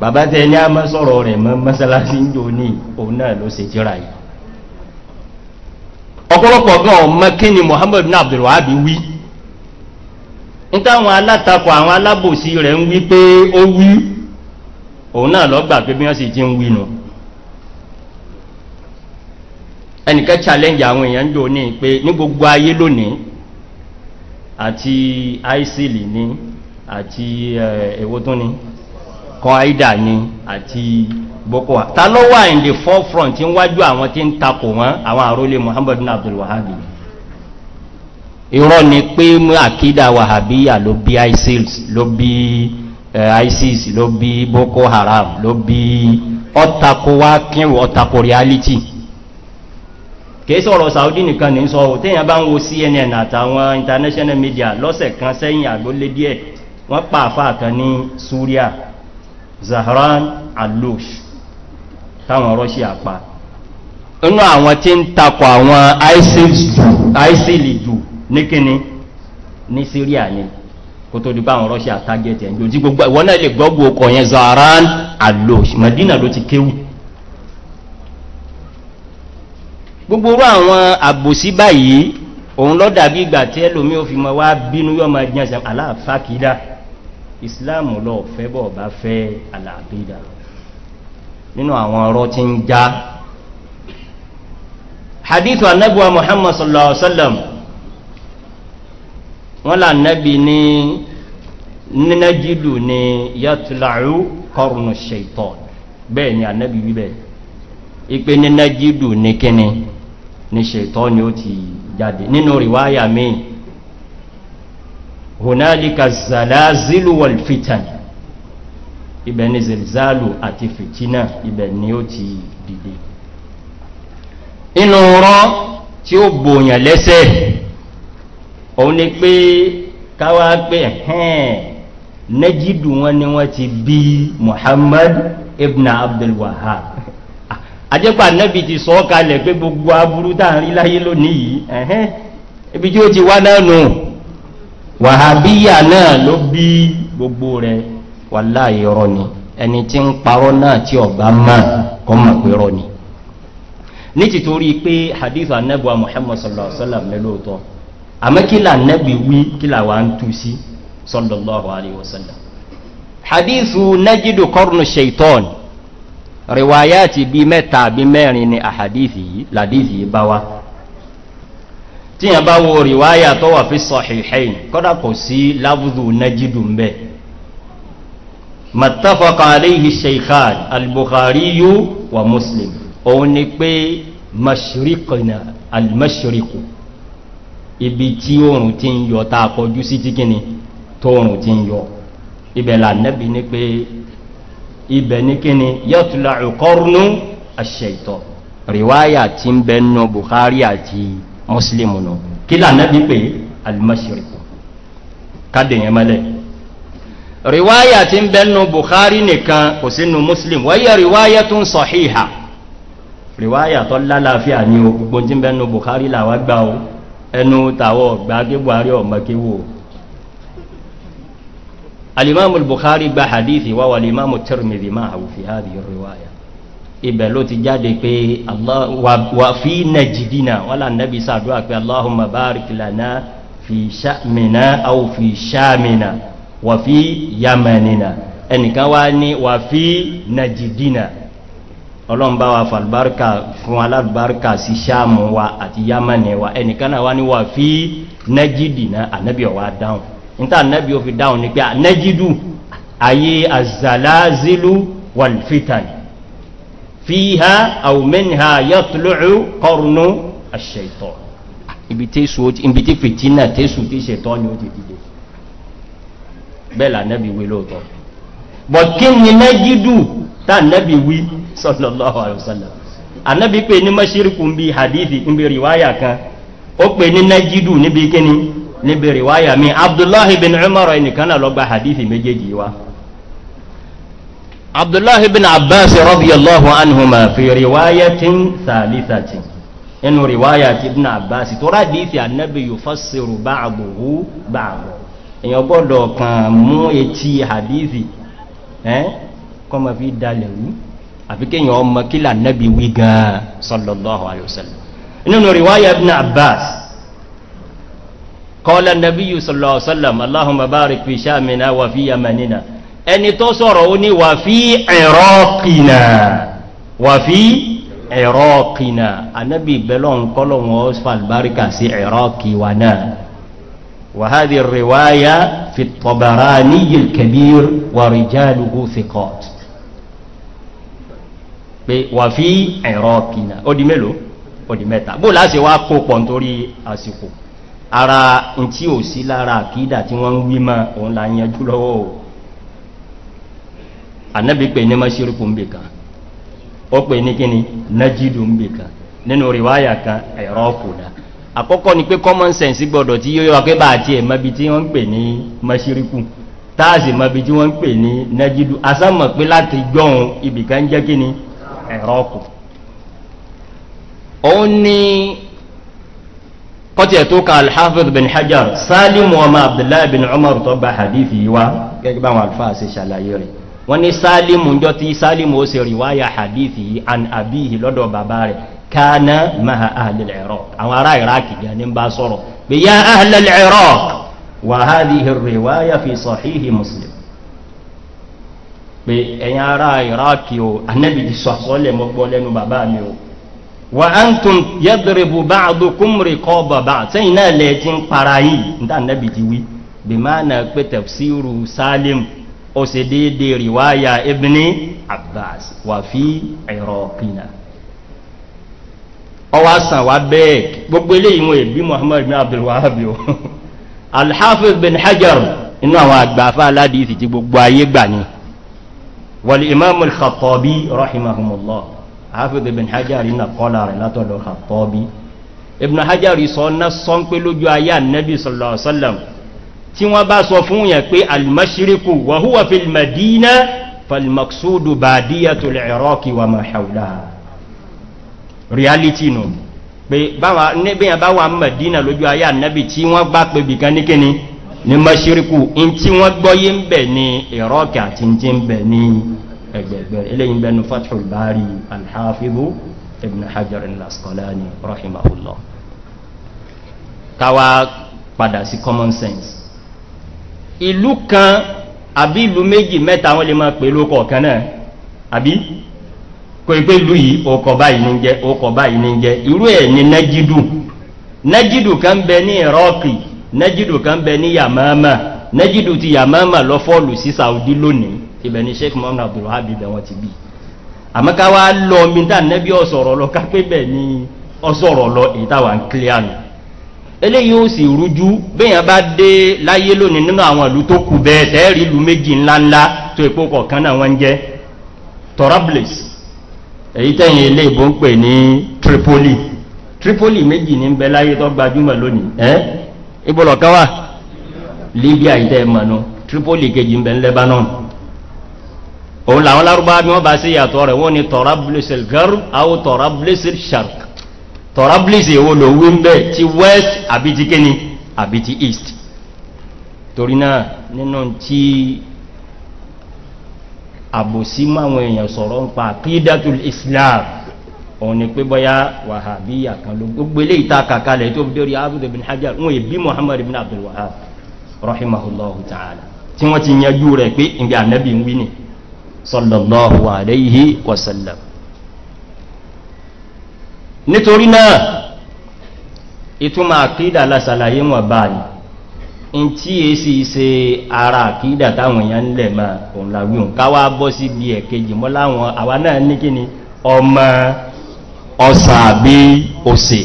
bàbá tẹ ní a mọ́ sọ̀rọ̀ rẹ̀ mọ́ mọ́sálásí ń jò ní òun náà ló se yìí ọ̀pọ̀lọpọ̀ gan ọmọ kí ni muhammad bin abdulwahabi wí n táwọn alátakọ̀ àwọn alábòsí rẹ̀ ń wí pé ó wí òun náà lọ́gbà pé bí wọ́n sì ti ń wí nù ẹnìkan challenge àwọn èèyàn ń jò ní pé ní gbogbo ayé lónìí àti isil ní àti ẹ̀wọ́ tó ní. kọ́ìdà ni àti boko ta ló wà in the forefront tí ń wájú àwọn tí ń takò wọn àwọn àrólé muhammadu abdul wahabi irọ́ ni pé mú àkídà wahabiya ló bí isis ló bí isis ló bí boko haram ló bí ọ́tako wá kírù ọ́tako reality kìí sọ̀rọ̀ saudi nìkan ní sọ ò tíyàn bá ń wo cnn àtàwọn international media lọ́sẹ̀ kan sẹ́yìn àgbólé díẹ̀ wọ́n pàáfà kan ní syria zahran alush táwọn rọ́ṣì àpá inú àwọn tí ń takọ àwọn isili jù ní kíni ní syria ni kò tó dìbà àwọn rọ́ṣì àtàgẹ́tì ẹ̀ lójú gbogbo ìwọ́n náà lè gbọ́gbò ọkọ̀ yẹn zahran alush madina ló ti kéwù gbogbo orú àwọn àbòsí báyìí òun lọ́dàbí ìgbà tí ẹlòmí ò fi mọ́ wá bínú yọ́ máa jẹ́ àṣà aláàfáà kìí dáa islam lọ fẹ́ bọ̀ bá fẹ́ àlàáfíà nínú àwọn ọ̀rọ̀ tí ń já hadithu anabuwa muhammad sallallahu alaihi wa sallam wọn là nabi ní nínàjìlù ní yàtúláàrú kọrùnù ṣètò bẹ́ẹ̀ ni anabi wíbẹ̀ ipe nínàjìlù ní kíni ní ṣètò ni ó ti jáde nínú rìwáyà míì hunalika zalazilu wal fitan ibẹ̀ ni zilzalu àti fitina ibẹ̀ ni ó ti dìde inú rán tí ó bòyàn lẹ́sẹ̀ òun ni pé káwá pé ẹ̀hẹ́n nẹ́jìdù wọn ni wọ́n ti bí muhammad ibn abdulwahab ajẹ́pà nẹ́bi ti sọ ọ́ kalẹ̀ pé gbogbo aburú dáa rí láyé lónìí ẹ̀hẹ́n ibi tí ó ti wá náà nù no wàhábíyà náà ló bí gbogbo rẹ̀ wà láàyè ọ̀rọ̀ ni ẹni tí ń parọ́ náà tí ọ̀bá máa kọ́ mọ̀ pé rọ ni ní títorí pé hadith anabu muhammad sallallahu alaihi wa àmọ́ kí là nẹ́bi wí kí là wà ń tu sí sallallahu alaihi wa sallam hadithu kọ́rùnù shaitan riwayati bíi mẹ́ta bíi mẹ́rin ni ahadithi yìí ladithi yìí bá wa tí yàn bá wo ríwáyà tó wà fi sọ̀hìhìn kọ́dá kò sí lábúdù nájídù mẹ́ matafaka aléhì sheikhan al-bukhari yíó wa muslim òun ni pé mashirikina al-mashiriku ibi tí oòrùn ti ń yọ ta kọjú sí ti kíni tó oòrùn ti ń yọ ibẹ̀ lànẹ́bí ni pé ibẹ̀ ni kíni yàtùlà ìkọrùnú àṣẹ ìtọ̀ ríwáyà ti ń bẹ́nu bukhari àti mùsùlùmù nù kí là nẹ́bí pé alimọ́sirikù kádìyàn mẹ́lẹ̀ riwaya ti ń bẹ́nu buhari nìkan kò sínú muslim wáyé riwaya tún sọ̀híhà riwaya tó lálàáfíà ní o gbogbo tí ń bẹ́nu buhari làwá gbá o ẹnu tàwọ̀ gbá buhari ọmọ kí wò alimami buhari gba hadithi wa wa alimami ma hàwùfi hadithi riwaya ibẹ̀ ló ti jáde pé wà fí nàìjíríà wọ́n là nẹ́bí sàdúwà pé aláhùnmà bá rìkìlànà fi sàmìnà au fi sàmìnà wà fí yamanina ẹnìkan wá ní wà fí nàìjíríà ọlọ́mbá wa falbarka fún alábarka sí sàmù wa àti yamani wa ẹnìkan wá ní wà fí nàìjíríà ànẹ́bí ọwá dáhùn níta ànẹ́bí ó fi dáhùn ní pé ànẹ́jídù ayé àzàlázílú wàlfítàní fíhá àwòmẹ́nìhà yàtùlùú kọrùnú àṣẹ̀tọ̀ ibi tí fìtínà tẹ́sù tí ṣẹ̀tọ́ ni ó ti dìde bẹ́ẹ̀lá nẹ́bí wí lóòtọ́ but kí ni mẹ́jídù tá nẹ́bí wí sọ́lọ́lọ́wọ́ àrùsọ́lọ́ anẹ́bí pé ní mọ́ṣíríkù ń bí hadithi ń bí riwaya kan ó pè ní mẹ́jídù níbi kíni níbi riwaya mi abdullahi bin abdullahi bin abbas radiyallahu anhuma fi riwayatin thalithatin inu riwayati ibn abbas to radithi annabi yufassiru ba'dahu ba'dahu eyan gbọdọ kan mú etí hadithi eh kọ́ ma fi dalẹ̀ wú àfi kéèyàn ọmọ kí lànàbí wí gan sallallahu alayhi wa sallam nínú riwaya ibn abbas kọ́lá nàbíyù sallallahu alayhi wa sallam allahumma barik fi shamina wa fi yamanina ẹni tó sọ̀rọ̀ ó ní wà fí ẹ̀rọ kìnà wà fí ẹ̀rọ kìnà anábì ìbẹ̀lọ́n kọ́lọ̀wọ̀n ọ̀sfàlbáríkà sí ẹ̀rọ kìwà náà wà há di rìwáyá fi tọ̀bàrá ní yìlkẹ̀bír wà rìjálùkú thicot pé wà fí ẹ̀rọ kìnà ó di mélòó ó di mẹ́ta bó láti wá kó pọ̀ nítorí àsìkò ara ntí ò sí lára àkídà tí wọ́n ń wí mọ́ òun là ń yanjú o annabi pe ní mashiriku ń bè kan ó pe ní kíni najidu ń bè kan nínú riwaya kan ẹ̀rọ fòdá àkọ́kọ́ ni pé common sense gbọ́dọ̀ tí yóò wá pé bá àti ẹ̀mọ́bi tí wọ́n ń pè ní mashiriku táàsì mọ́bi tí wọ́n ń pè ní najidu asámọ̀ pé láti gbọ́hun ibìkan jẹ́ kíni ẹ̀rọ kù òun ni kọ́tí ẹ̀tọ́ ka alhafiz bin hajjar salimu ọmọ abdullahi bin umar tó gba hadithi wa gẹ́gẹ́ bá wọn alfa ṣe ṣàlàyé rẹ̀ wọ́n ní sálìmù jọ tí sálìmù ó se ríwáyà hadithi an abihi lọ́dọ̀ bàbá rẹ̀ kánà maha ahlil iraq àwọn ará iraq ni a ní bá sọ́rọ̀ bí yá ahlil iraq wà hádìí ríwáyà fi sọ̀híhì muslim pé ẹ̀yìn ará iraq o anábì ti mọ́gbọ́ lẹ́nu bàbá mi o wà á ń tún yẹ́dùrìbù bá àdókùnrin kọ́ bàbá sẹ́yìn náà lẹ́ẹ̀ ó se déédé ríwáyà ibni abbas wà fí ẹ̀rọ kìnà ọwá sàn wá bẹ́ẹ̀ gbogbo ilé ìwọ̀n ìbí muhammad bin abdulwahab yóò alhafiz bin hajar inú àwọn àgbàfà aládìí ti gbogbo ayé gbà ní والإمام الخطابي رحمهم الله حافظ ابن حجر إن قال رلاته الخطابي ابن حجر صنع صنع لجوا النبي صلى الله عليه وسلم tí wọ́n bá sọ fún yẹn pé almashiriku wàhúwà filmadina falmaksudu bàdíyà tó lè ẹ̀rọ́kì wà máa ṣàwùdá reality nù pé bíyàn bá wà madina lójú ayé annabi tí wọ́n gbá pé bìkan ní kíni ní mashiriku in tí wọ́n gbọ́yé ń bẹ̀ ní ẹ̀rọ́kì àti tí ń bẹ̀ ní ẹgbẹ̀gbẹ̀ sense ìlú kan àbí ìlú méjì mẹ́ta wọ́n lè máa pè lókọ̀ kan náà àbí kò ìpé ìlú yìí ọkọ̀ báyìí ní jẹ́ ọkọ̀ báyìí ní jẹ́ irú ẹ̀ ní nájídù nájídù kan bẹ ní kan bẹ ní yamama nájídù ti yamama lọ fọ́ọ̀lù sí saudi lónìí ibẹ̀ ni sheikh mohamed abdulhabi bẹ̀ wọ́n ti bí àmọ́ ká wá lọ mi dá nẹ́bí ọ̀sọ̀rọ̀ lọ ni ọ̀sọ̀rọ̀ lọ èyí eléyìí ó sì rújú bẹ́yàn bá dé láyé lónìí nínú àwọn ìlú tó kù bẹ́ẹ̀ sẹ́ẹ̀rí ìlú méjì ńláńlá tó èpo kọ̀ọ̀kan náà wọ́n jẹ́ torablis èyí tẹ́yìn ilé ìbò ń pè ní tripoli tripoli méjì ní bẹ láyé tó gbajúmọ̀ lónìí ẹ́ libya ìtẹ́ mọ̀nà tripoli kejì ń lebanon òun làwọn lárúbáwá bí wọ́n bá sí ìyàtọ̀ rẹ̀ wọ́n ni torablis el garb tọ̀ráblìsì èwo lò wí ń ti west àbí ti kíni àbí ti east torí náà nínú tí àbòsí máwọn èèyàn sọ̀rọ̀ ń pa islam òun ni pé bọ́yá wàhábíyà kan ló gbogbo ilé ìta kàkalẹ̀ tó dórí abúlé bin hajjar wọn èbí muhammad ibn abdul wahab rahimahullahu ta'ala tí wọ́n ti yanjú rẹ̀ pé ìgbà nẹ́bí ń ni sallallahu alayhi wa sallam nítorí náà ìtumọ̀ àkídà lásàlàyé wọn báyìí in tí è e sì ṣe ara àkídà táwọn èèyàn ń lẹ̀ máa òun làwí òun káwá bọ́ sí bí ẹ̀kejì mọ́ láwọn àwa náà ní kíni ọmọ ọ̀sà òsè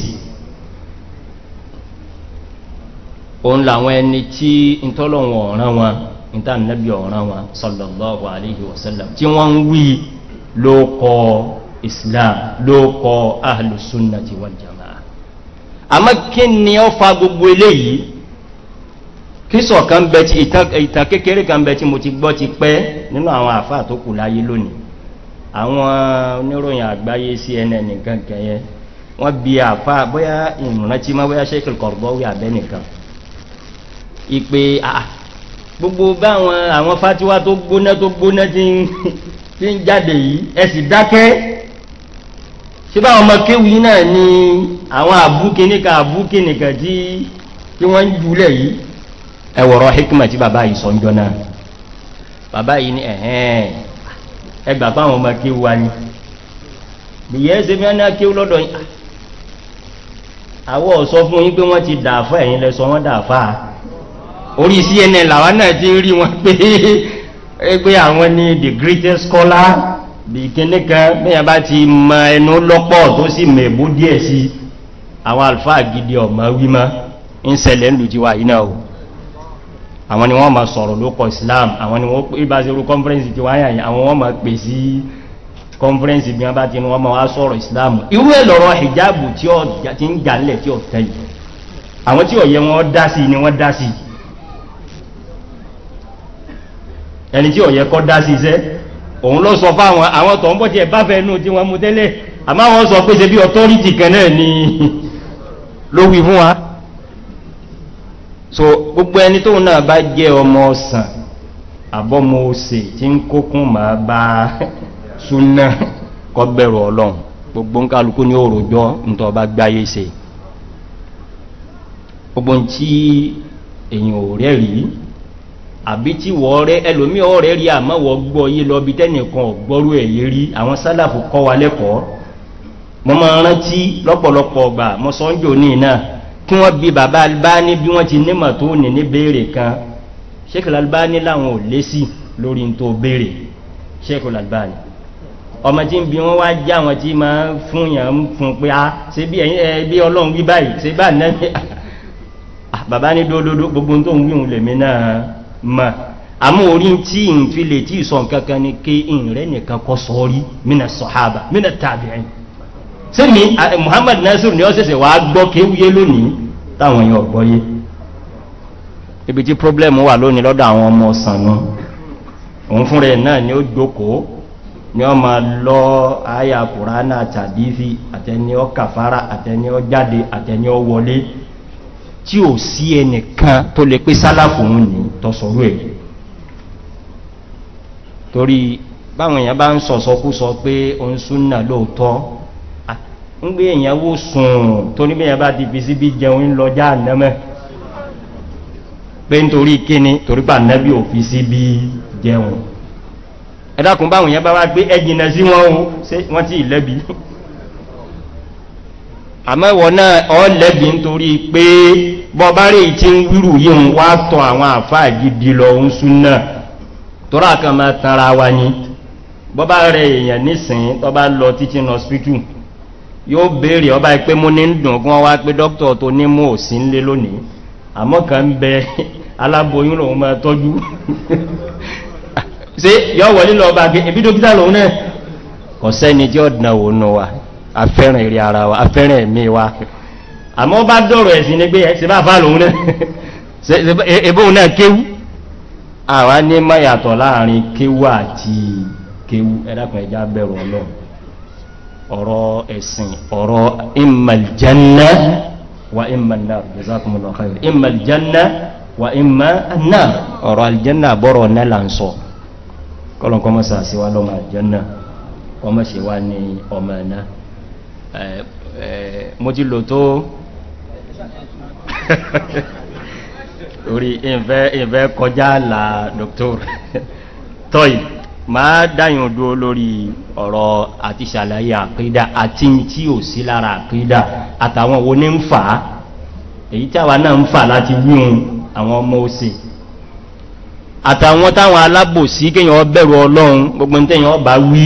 òun làwọn ẹni tí ìtọ́lọ̀wọ̀n ọ̀ràn wọn ìtànẹ́bí ọ̀ràn wọn sọ̀lọ̀lọ́ islam ló kọ ahlùsúnnà ti wọ́n jama àmọ́ kí ni ó fa gbogbo eléyìí kí sọ̀kan bẹ ti ìtàn kékeré kan bẹ tí mo ti gbọ́ ti pẹ́ nínú àwọn àfáà tó kù láyé lónìí àwọn oníròyìn àgbáyé cnn nìkan kẹyẹ wọ́n bí àfáà bóyá ìrántí má bóyá sheikh kọ̀rọ̀bọ́wí àbẹ́nìkan ìpè gbogbo báwọn àwọn fatiwa tó gbóná tó gbóná ti ń jáde yìí ẹ dákẹ́ síbá ọmọ kéwì náà ni àwọn àbúkíníkà àbúkíníkà tí wọ́n ń jùlẹ̀ yìí ẹwọ̀rọ̀ hikima tí bàbá yìí sọ́njọ́ náà bàbá yìí ni ẹ̀hẹ́n ẹgbà fáwọn ọmọ kéwì wa ni bìyẹ́ ṣe fi ẹ́nà kéwì lọ́dọ̀ yìí ah, àwọ̀ sọ fún yín pé wọ́n ti dàáfà ẹ̀yìn lẹ sọ dàáfà orí cnn làwọn náà ti rí wọn pé pé àwọn ni the greatest scholar bí kíní kan bẹ́yàn bá ti ma ẹnu lọ́pọ̀ tó sì mẹ̀bú díẹ̀ sí àwọn alfa gidi ọ̀mọ̀ wímá ń sẹlẹ̀ ń lù ti wà iná o àwọn ni wọ́n ma sọ̀rọ̀ lókọ̀ islam àwọn ni wọ́n pè bá sí orú kọ́nfẹ́rẹ́nsì ti wáyà yìí àwọn wọ́n ma pè sí kọ́nfẹ́rẹ́nsì bí wọ́n bá ti ní wọ́n ma wá sọ̀rọ̀ islam irú ẹ̀ lọ́rọ̀ hijabu tí ó ti ń jà nílẹ̀ tí ó tẹ̀ yìí àwọn tí ẹni tí ọ̀yẹ́ kọ́ dá sí iṣẹ́ òun lọ sọ fáwọn àwọn tó ń bọ́ tí ẹ bá fẹ́ nú tí wọ́n mú tẹ́lẹ̀ àmá wọ́n sọ pé ṣe bí ọtọ́rítì kan náà ni ló wí fún wa so gbogbo ẹni tó náà bá jẹ́ ọmọ ọ̀sán àbọ́mọ òsè tí ń kókún ma bá súnà kọbẹ̀rù ọlọ́run gbogbo ń kálukú ní òròjọ́ nítọ́ bá gbáyé se gbogbo tí èyàn ò rẹ́rìí àbí tí wọ́ rẹ ẹlòmí ọ̀rẹ́ rí àmọ́wọ́ gbọ́ yí lọ bí tẹ́nìkan ọ̀gbọ́rú ẹ̀yẹ rí àwọn sálàfù kọ́ wa lẹ́kọ̀ọ́ mọ́ máa rántí lọ́pọ̀lọpọ̀ ọgbà mọ́sánjò ní iná kí wọ́n bí bàbá albani bí wọ́n ti nímọ̀ tó nì ní béèrè kan sheikul albani láwọn ò lé sí lórí tó béèrè sheikul albani ọmọ tí ń bi wọ́n wá já àwọn tí máa fún yàn fún pé a ah, ṣe bí ẹ̀yìn bí ọlọ́run wí báyìí ṣe bá nẹ́bí ah, bàbá ní dódódó gbogbo tó ń wí òun lèmi náà ma àmú orí tí n fi lè tí ìsọ nkankan ni kí n rẹ nìkan kọ sọrí mina sọhábà mina tàbíyàn sẹ́mi muhammad nasir ni ó ṣẹ̀ṣẹ̀ wàá gbọ́ kéwúyé lónìí táwọn èèyàn gbọ́ yé ibi tí problem wà lónìí lọ́dọ̀ àwọn ọmọ ọ̀sán náà òun fúnra ẹ̀ náà ni ó jókòó ni ọ ma lọ àyà kùránà tàbí fi àtẹni ọ kàfàrà jáde àtẹni wọlé tí ò sí ẹnìkan tó lè pé sálàfù ń ní tọ́sọ̀rọ̀ èyí torí báwọn èèyàn bá ń sọ̀sọ́kúsọ pé oun súnà lóòótọ́ ń gbé wó sùn tó ní bá ti fi síbí jẹun lọ já ànámẹ́ pé nítorí kíni torí bá nẹ́bí ò fi síbí jẹun ẹ̀dàkùn báwọn èèyàn bá wá gbé sí wọn wọ́n ti ìlẹ́bí àmọ́wọ̀ náà ọlẹ́bí nítorí pé bọ́bárí tí ń wírù yí ń wá tọ àwọn àfáà gidi lọ ń súnà tọ́rà kan máa tanra wa ni bọ́bá rẹ̀ èèyàn nísìn tọ́bá lọ títí lọ spítù yóò bèèrè ọba pé mú ní dùn gan wá pé dókítọ̀ tó ní mú òsì ń lé lónìí àmọ́ kan ń bẹ aláboyún lòun máa tọ́jú ṣé yọ wọlé lọ bá gbé ebi dókítà lòun náà kọ̀sẹ́ni tí ọ̀dùnà òun náà wà afẹ́ràn èrè ara wa afẹ́ràn ẹ̀mí wa àmọ́ bá dọ̀rọ̀ ẹ̀sìn ní pé ẹ̀sìn bá fà lòun náà ebóun náà kéwú àwa ní máyàtọ̀ láàrin kéwú àti kéwú ẹ̀dàkùn ẹja bẹ̀rù ọlọ́run ọ̀rọ̀ ẹ̀sìn ọ̀rọ̀ ìmàlìjánná wa ìmàlìjánná jazakumullah khair ìmàlìjánná wa ìmàlìjánná ọ̀rọ̀ àlìjánná ní ọmọ náà mo ti lò tó orí ìfẹ́ kọjá là dr toy máa dáyìn odó lórí ọ̀rọ̀ àti ṣàlàyé àkídà àti tí ò sí lára àkídà àtàwọn wo ní ń fà á èyí tí àwa náà ń fà láti wíhun àwọn ọmọ òsè àtàwọn táwọn alábòsí kéèyàn bẹ̀rù ọlọ́run gbogbo ní tẹ́yàn ọba wí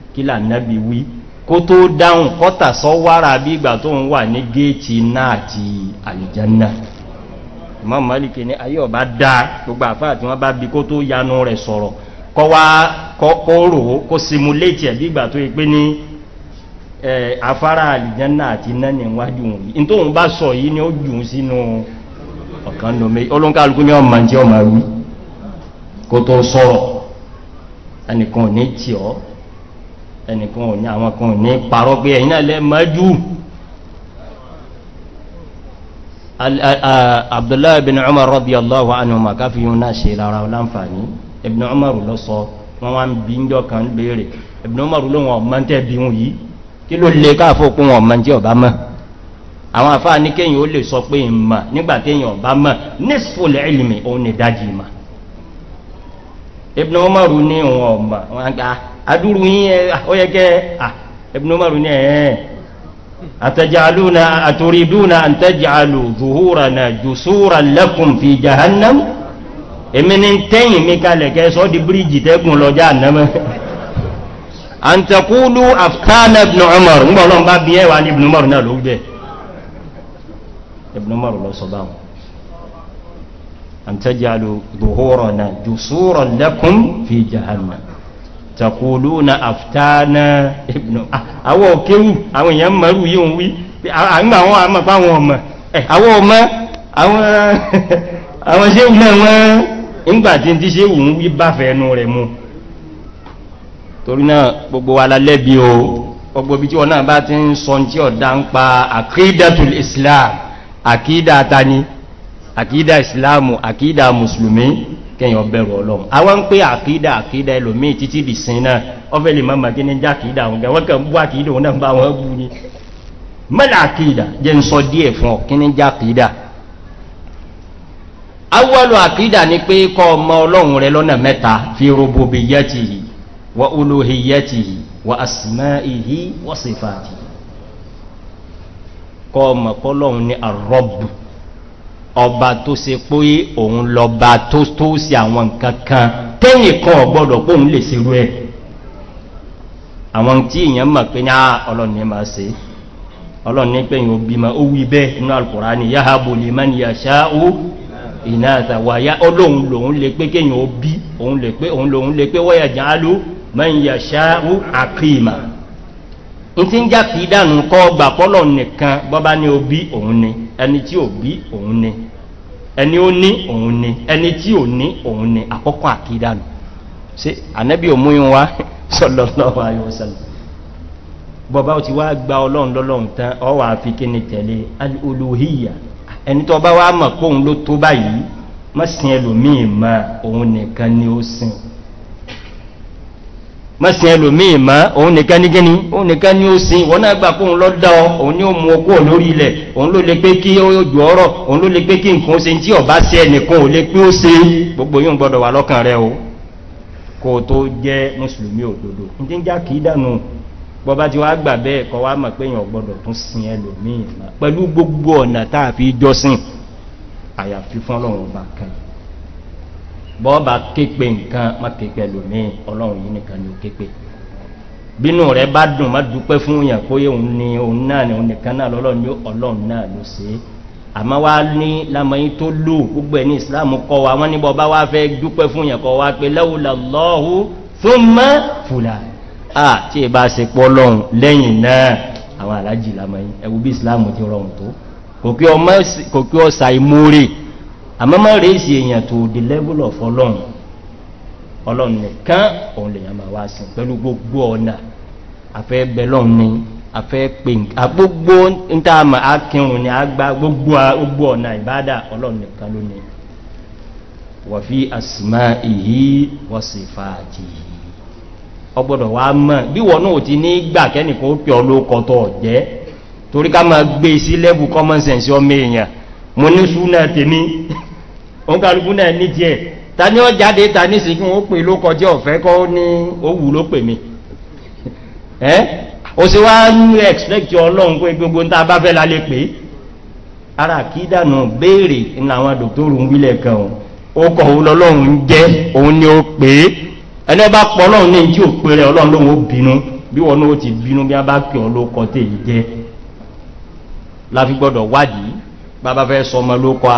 kí lànàbí wí kó tó dáhùn kọ́tà sọ wára bí ìgbà tó ń wà ní géètì náà ti àlìjánà imam malike ni ayé ọba dáa gbogbo àfáà tí wọ́n bá bí kó tó yanu rẹ sọrọ kọ́ wá kọ́ rò ó kó simulate ẹ̀ bí ìgbà tó pé ní afárá àlìjánà àti iná ní wájú wọn yìí tó ń bá sọ yìí ni ó jù ú sínú ọ̀kan lómi olóńkàlùkù ní ọmọ tí ọmọ wí kó tó sọ̀rọ̀ ẹnìkan ò ní tì ọ́ ẹnìkan ò ní àwọn kan ò ní parọ́ pé ẹ̀yìn náà lẹ́mọ́jú abdullahi ibn umar rọ́bí aláwọ̀ anuma káfí yóò náà ṣe rárá láǹfààní ibn umar lọ sọ wọ́n wá ń bí ń jọkàn léèrè ibn umar ló wọn ọmọ tẹ́ bí wọn yìí kí ló lè káàfó kún wọn ọmọ tí ọba mọ́ àwọn afáà ní kéyìn ó lè sọ pé ìmọ̀ nígbà téyìn ọba mọ́ nísfòlẹ̀ ìlìmì òun ní dájì ìmọ̀ ibn umar ní òun ọmọ wọn gbà ah, adúrú yín ọyẹ́kẹ́ ah, ẹgbùnmọ́rù ah, ní ẹ̀ẹ́ àtẹjàlúna àtòrídúna àtẹjàlú zuhúra na jùsúra lẹ́kùn fi jahannam èmi ni tẹ́yìn mi kalẹ̀ kẹ́ sọ́ di bíríjì tẹ́gùn lọ́jà ànámẹ́ àǹtẹ̀kúlù àfkánà ibn umar ń bọ̀ lọ́n bá bí ẹwà ní ibn umar náà ló gbẹ̀ ibn umar lọ sọ báwọn àǹtẹjàlú zuhúra na jùsúra lẹ́kùn fi jahannam tàkùlúnà na ìbìnà àwọ̀ òkéwù àwọn èèyàn mọ̀rú yíò wí àgbà àwọn àmàpá àwọn ọmọ àwọ̀ ọmọ àwọn ṣéwù náà wọ́n tí ṣéwù ń wí bá fẹ́ẹ̀nù rẹ̀ torí náà gbogbo wa lálẹ́bí o gbogbo bí tí wọ́n náà bá ti ń sọ tí ọ̀dá ń pa àkídàtul àkídà àkídà ìsìláàmù àkídà mùsùlùmí kẹyàn bẹ̀rù ọlọ́run àwọn ń pé àkídà àkídà ẹlòmí títí dì sin náà ọfẹ́ lè máa kí ní já àkídà òun gẹ̀wọ́n kẹ́ bú àkídà òun náà bá wọn bú ni mẹ́lá àkídà jẹ́ ń sọ díẹ̀ fún ọ kí ní já àkídà awọ́lù àkídà ni pé kọ́ ọmọ ọlọ́run rẹ lọ́nà mẹ́ta fi robo bí yẹ́tì wa olóhe yẹ́tì wa asìmẹ́ ìhí wọ́sífàtì kọ́ ọmọ kọ́lọ́run ni àrọ́bù ọba tó se pé òun lọba tó tó sí àwọn nǹkan kan tẹ́yìn kan ọ̀gbọ́dọ̀ pé òun lè serú ẹ̀ àwọn tí èèyàn mọ̀ pé ní ọlọ́ni ma se ọlọ́ni pé yíò bí ma ó wí bẹ́ẹ̀ inú alkùnrà ni yáhábò lè má ní àṣá ó ìná àtàwàyá ọlọ́run lòun lè pé kéyìn ó bí òun lè pé òun lòun lè pé wọ́yà jà á ló má ní àṣá ó àkìmà ní ti ń jà kí dànù kọ́ gbà kọ́lọ̀ nìkan bọ́bá ní ó òun ni. Obi, ẹni tí ò bí òun ni ẹni ó ní òun ni ẹni tí ò ní òun ni àkọ́kọ́ àkídànù sí ànẹ́bí òmúyún wá sọ́lọ́lọ́wọ́ ayọ́sẹ́lẹ̀ bọ́bá ti wá gba ọlọ́run lọ́lọ́run tán ọ wà fi kí ni tẹ̀lé olùhíyà ẹni tó bá wá mọ̀ pé òun ló tó báyìí mọ́ ẹlòmíì mọ́ òun nìkan ni ó sin mọ́sí ẹlòmíì mọ́ òun nìkan ní gíní òun nìkan ní ó sí wọ́n náà gbà kóhun lọ́dá ọ òun ní ó mú okó lórí ilẹ̀ òun ló lè pé kí ó jù ọrọ̀ òun ló lè pé kí nǹkan se tí ọ̀bá sí ẹnìkan ò lè pé ó se gbogbo yóò gbọ́dọ̀ wà lọ́kàn rẹ o kó tó jẹ́ mùsùlùmí òdodo ní tí ń já kì ti wá gbà bẹ́ẹ̀ kọ́ wá mọ̀ pé èèyàn gbọ́dọ̀ tún sin ẹlòmíì pẹ̀lú gbogbo ọ̀nà tá fi jọ́sìn àyàfi fún ọba kan bọ́ọ̀bà képe nǹkan má képe lòmí ọlọ́run yìí nìkan ni ó képe bínú rẹ̀ bá dùn má dúpẹ́ fún yàn kóyè òun ni òun náà ni òun nìkan náà lọ́lọ́run ní ọlọ́run náà ló ṣe é àmọ́ wá ní lamọ́yìn tó lù gbogbo ẹ̀ ní ìsìláàmù kọ́ wa wọ́n níbọ̀ bá wá fẹ́ dúpẹ́ fún yàn kọ́ wa pé lẹ́wùlà lọ́hù fún mọ́ fùlà à tí ì bá ṣe pọ́ lọ́hùn lẹ́yìn náà àwọn alájì lamọ́yìn ẹ̀wù bí ìsìláàmù ti rọrùn tó kò kí ọ ṣàìmórè àmọ́ má rèé sí èèyàn tó level of ọlọ́run ọlọ́run nìkan òun lèèyàn máa gbogbo ọ̀nà àfẹ́ bẹ̀lọ́n ni àfẹ́ pè gbogbo níta àmà akínrun ni agba gbogbo ọ̀nà ìbádà ọlọ́run nìkan ló ní wọ̀fí àsìmá ìhí wọ́sìfà àjìyí ọgbọ́dọ̀ wá mọ̀ bí wọ́n náà ti ní gbà kẹ́nìkan ó pè ọlọ́kọ̀ tó ọ̀jẹ́ torí ká máa gbé sí lẹ́bù common sense ọmọ òǹkàlùkù náà ní tiẹ̀ ta ni ọ jáde ta ní sí kí wọ́n pè ló kọjá ọ̀fẹ́ kọ́ ní owó ló pè ẹ́ o sì wá ń expect ọlọ́run pé gbogbo ta bá fẹ́ la lè pè ara kí dànù béèrè ní àwọn ń wílẹ̀ kan o ó kọ̀ òun lọ́lọ́run ń jẹ́ òun ni ó pè é ẹni bá pọ̀ ọlọ́run ní rẹ̀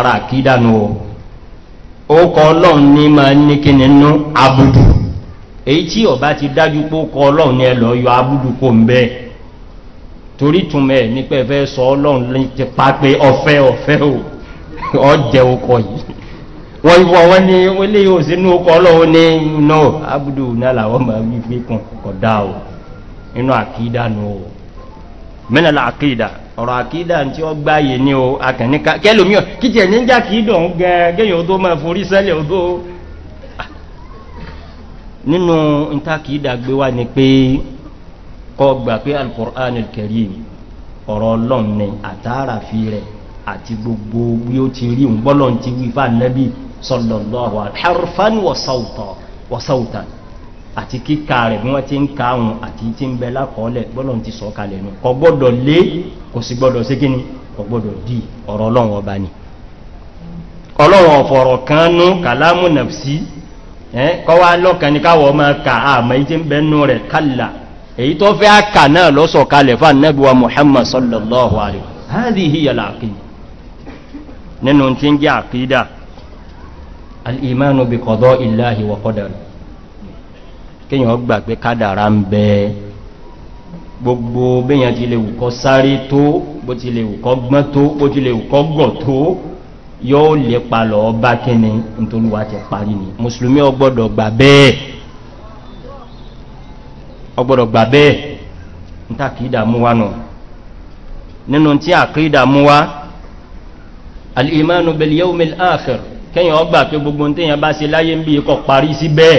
ọlọ́run ókọ ọlọ́run ní ma ní kí nínú abúdù èyí tí ọba ti dájú pé ní ẹlọ yọ abúdù kò ń bẹ́ torí túnmẹ̀ ní pé sọ ọlọ́run ti pa pé ọfẹ́ ọfẹ́ ò ọjẹ́ ókọ yìí wọ́n ìwọ̀ wọ́n ní yóò sínú ókọ ọlọ́run o inú àkídà nù ọ̀rọ̀ àkídà tí ó gbáyé ní o akẹ̀níká kẹlòmíọ̀ kí jẹ́ níjà kìí dùn gẹ́gẹ́yìn odó máa forí sẹ́lẹ̀ odó nínú ìtàkìídà gbé wá ni pé kọ gbà pé alkùnrin kẹrí ọ̀rọ̀ ọlọ́run ni àtàrà fi rẹ̀ àti gbogbo bí ó ti rí ń gbọ́lọ̀ ti wí fà nẹ́bí àti kíkà rẹ̀ bí wọ́n ti ń ka àwọn àti tí ń bẹ lákọọ́lẹ̀ gbọ́dọ̀ ti sọ kalẹ̀ nù kò gbọ́dọ̀ lé kò sì gbọ́dọ̀ sí kíni kò gbọ́dọ̀ di ọ̀rọ̀ ọlọ́run ọba ni ọlọ́run ọ̀fọ̀rọ̀ kan nú kàlámù nàfsí kọ́wá lọ́kàn ní káwọ̀ ọmọ kíyàn ọgbà pé kádàrà ń gbogbo bíyàn ti lè wùkọ́ sáré tó bó ti lè wùkọ́ gbọ́n tó bó ti lè wùkọ́ gọ̀ tó yóò lè palọ̀ ọba kíni nítorúwà ti parí ni musulmi ọgbọ́dọ̀ gbà bẹ́ẹ̀ gbogbo ní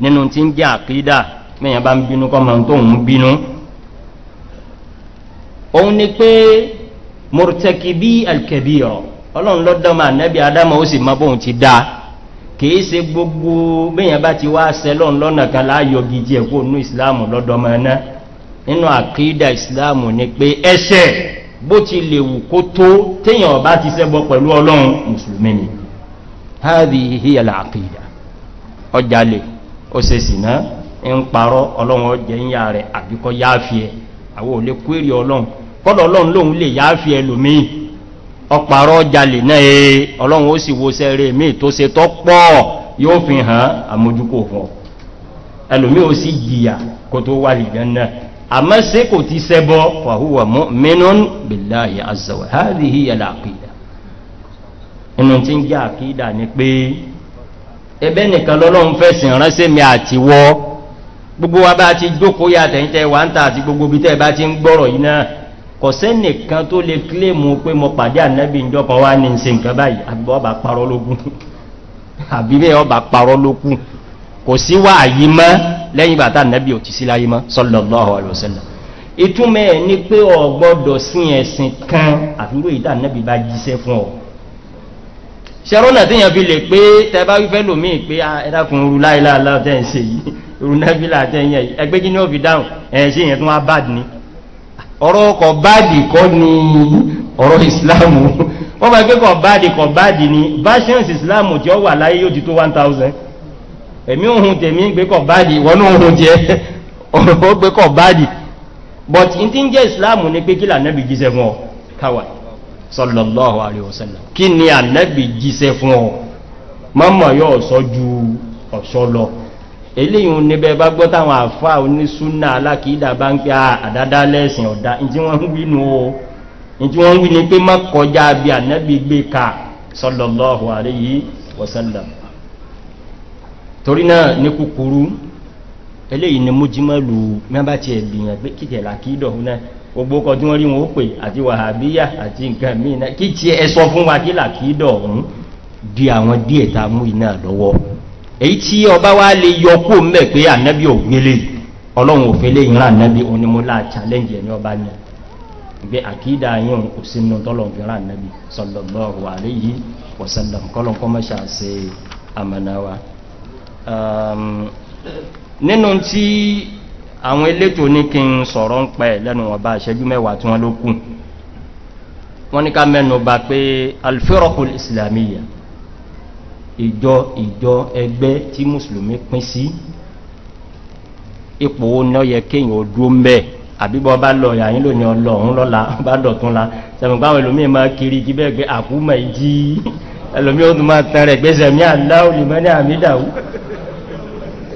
nínú tí ń jẹ́ àkídà mẹ́yàn bá ń bínú kọ́mọ tó ń bínú òun ni pé mọ̀rùtẹ́kìbí alkẹ̀bí ọ̀ ọlọ́run lọ́dọ́mà nẹ́bí adámọ́ ó sì mọ́ bóun ti dáa kìí se gbogbo bẹ́yàn bá ti wá sẹ́lọ́n lọ́nà kan láyọ̀ gidi ẹ̀kú inú ìsìláàmù lọ́dọ̀mọ̀ ẹ̀nà nínú àkídà ìsìláàmù ni pé ẹsẹ̀ bó ti lè wù kó tó téyàn bá ti sẹ́bọ pẹ̀lú ọlọ́run mùsùlùmí ni háàdì ìhìyàlà ọjà lè ó se sì náà ń parọ́ ọlọ́run ọjẹ́ ń yà rẹ̀ àbíkọ́ yááfí ẹ àwọ olè kwérì ọlọ́run kọ́dọ̀ ọlọ́run lòun lè yááfí ẹ lòmí ọparọ́ jalè náà ẹ e. ọlọ́run ó sì wo sẹ́rẹ̀ mí tó se tọ́ pọ̀ yóò fi hàn àmójúkò fún ẹlòmí ó sì jìyà kó tó wà lìgbẹ́ náà àmọ́ sí kò ti sẹ́bọ́ fàhúwà mọ́ mẹ́nún bèláyà azọ̀wẹ̀ hádìí yẹ làkìdà inú ti ń jẹ́ àkìdà ni pé ẹbẹ́ nìkan lọ́lọ́run fẹ́sìn ránṣẹ́ mi àti wọ́ gbogbo wa bá ti jókòó yà tẹ̀yìntẹ̀ wà ń tà àti gbogbo bí tẹ́ bá ti ń gbọ́rọ̀ yìí náà kọ̀sẹ́ nìkan tó lè kílèmù pé mo pàdé ànábì ìjọ kan wá ní ṣe nǹkan báyìí àbí ọba parọ́ lókun àbí kò sí wà yí mọ́ lẹ́yìn bàtà ànábì ò ti sí láyé mọ́ sọ́lọ́lọ́hùn ṣẹ́rọ́nà tí yàn fi lè pé tẹbá wífẹ́ lòmí pé ah, ẹ̀dàkùn orú láìláàlá tẹ́ ń se yìí orú nẹ́fílà tẹ́ yẹn ẹgbẹ́ kí ní ó fi dáhùn ẹ̀ṣẹ́ yẹn tún wá báàdì ní ọ̀rọ̀ ọkọ̀ báàdì kọ́ ni ọ̀rọ̀ ìsìláàmù wọ́n bá gbẹ́kọ̀ báàdì kọ̀ báàdì ni versions ìsìláàmù tí ó wà láyé yóò ti tó 1000 èmi ohun tèmi gbẹ́kọ̀ báàdì wọ́n ohun jẹ́ ọ̀rọ̀ gbẹ́kọ̀ báàdì but in ti ń jẹ́ ìsìláàmù ni pé kí lànẹ́bì jíṣẹ́ fún sọ́lọ̀lọ́wọ́ àríwọ̀sẹ́lẹ̀ kí ni ànẹ́bì jíṣẹ́ fún ọ mọ́mọ̀ yóò sọ ju ọ̀ṣọ́ lọ eléyìn níbẹ̀ bá gbọ́ táwọn àfá onísúnà alákìídà bá ń pẹ́ ah, àdádá lẹ́ẹ̀sìn ọ̀dá tí wọ́n ń wínú o tí wọ́n ń wí ni pé má kọjá bí ànẹ́bì gbé ka sọ́lọ̀lọ́wọ́ àríwọ̀sẹ́lẹ̀ torí náà ní kúkúrú eléyìn ni mú jímọ̀lù mẹ́bàtí ẹ̀gbìyàn pé kìtẹ̀lá kìídọ̀ náà gbogbo kọ tí wọ́n rí wọn ó pè àti wàhábíyà àti nǹkan míì náà kí tí ẹ sọ fún wa kí làkìdọ̀ ọ̀hún di àwọn díẹ̀ tá a mú iná lọ́wọ́ èyí tí ọba wa lè yọ kó mẹ́ pé ànábì ò gbélé ọlọ́run òfin lè ànábì òun challenge ẹ̀ ní ọba ni gbé àkídà yín kò sínú tọ́lọ̀n fi rán ànábì sọlọ́lọ́rù àrí yìí wọ̀sẹ̀lọ̀m kọ́lọ̀n kọ́ mọ́ ṣàṣe àmàna wa nínú tí àwọn elétò ní kí n sọ̀rọ̀ ń pẹ̀ lẹ́nu ọba ìṣẹ́jú mẹ́wàá tí wọ́n ló kù wọ́n ní ká mẹ́nu bá pé alfẹ́rọ̀kùl islamiyya ìjọ ìjọ ẹgbẹ́ tí mùsùlùmí pín sí ipò náà yẹ kéèyàn ó dúró mẹ́ àbíbọ́ bá lọ yàyín lónìí ọlọ́run lọ́la bá dọ̀tún la sẹ̀mùgbáwọn ẹlòmí máa kiri jí bẹ́ẹ̀ pé àkúmọ̀ ìjì ẹlòmí ó tún máa tán rẹ̀ gbé àláwò lè mọ́ ní àmì dàwú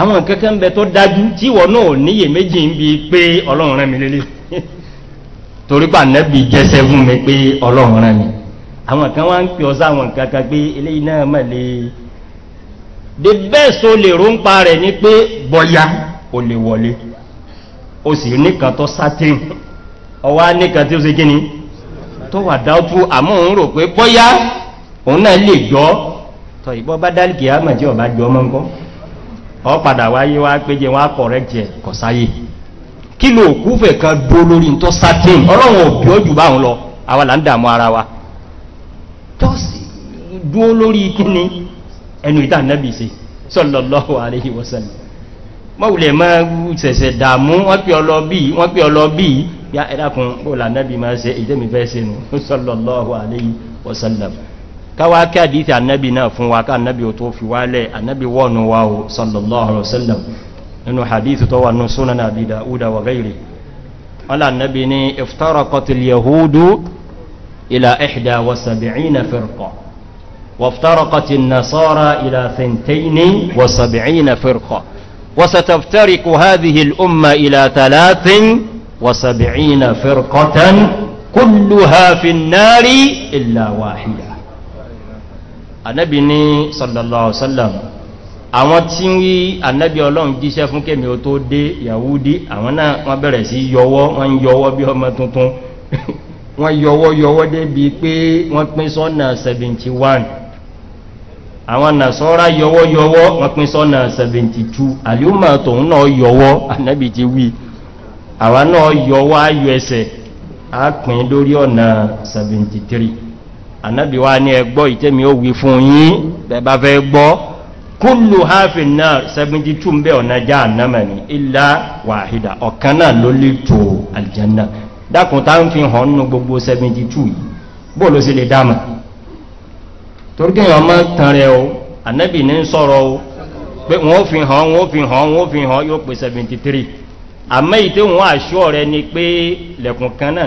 àwọn kẹ́kẹ́ ń bẹ tó dájú tí wọ́n náà níyè méjì ń bi pé ọlọ́run rẹ̀ mi lélẹ̀ torí pa nẹ́bì jẹ́sẹ́ fún mi pé ọlọ́run rẹ̀ mi àwọn kan wá ń pè ọ sáwọn kankan pé eléyìí náà mọ̀ lè the best o lè róńpa rẹ̀ ni pé bọ́yá o lè wọlé o sì nìkan tó sátìn ọwá nìkan tí ó ṣe kíni tó wà dáútú àmọ́ òun rò pé bọ́yá òun náà lè jọ́ tọ̀ ìbọ́ bá dálìkì á ọ̀bá jọ́ mọ́ ọ padà wáyé wá péjẹ wá kọ̀rẹ́jẹ kọ̀sáyé kí ló kúfẹ̀ kan dó lórí tó sátìn ọlọ́run òbí ó jù báhùn lọ àwọn là ń dàmú ara wa tọ́sí dúó lórí kíni ẹnu ìta nẹ́bì sí sọ́lọ́lọ́wọ́ àríhì wọ́sẹ̀lẹ̀ mọ́wùlẹ̀ máa sẹ̀sẹ̀ dàmú kawaki hadithi annabi náà fún wa ká annabi tó fi wálẹ̀ annabi wọ́nu wa o sallallahu alaihi wasallam nínú hadithi tó wà ní sunan abi da'uda wa gairi wọ́n annabi ní iftarakọtil yahudu ila ihda wa sabi'ina firqa wa waftarakatil nasara ila fintaini wa sabi'ina firqa wa وستفترق هذه الأمة إلى ثلاث وسبعين فرقة كلها في النار illa واحدة anẹ́bì ni sallallahu sallam àwọn tí ń wi anabi ọlọ́run jíṣẹ́ fún kémi o to dé yahudi àwọn náà wọ́n bẹ̀rẹ̀ sí yọwọ́ wọ́n ń yọwọ́ bí ọmọ tuntun yowo yọwọ́ yọwọ́ débi pé wọ́n pín sọ́nà 71 awon àwọn nàṣọ́rá yowo yọwọ́ wọ́n pín sọ́nà 72 àlúmọ̀ tòun na yowo anabi ti wi awon na yowo ayọ ẹsẹ̀ á pín lórí ọ̀nà 73 annabi wa ní ẹgbọ́ ìtẹ́mi ó wí fún yín bẹ̀bá fẹ́ gbọ́ kúlù hafi náà 72 ń bẹ́ ọ̀nà já ànámà ní ilá wàhídà ọ̀kan náà ló lè tó aljanna dákùn tá ń fi hàn nínú gbogbo 72 yìí bó ló sì lè dámà torí kí ọmọ tán rẹ o annabi ní sọ̀rọ̀ o ni pé lẹ̀kùn kan náà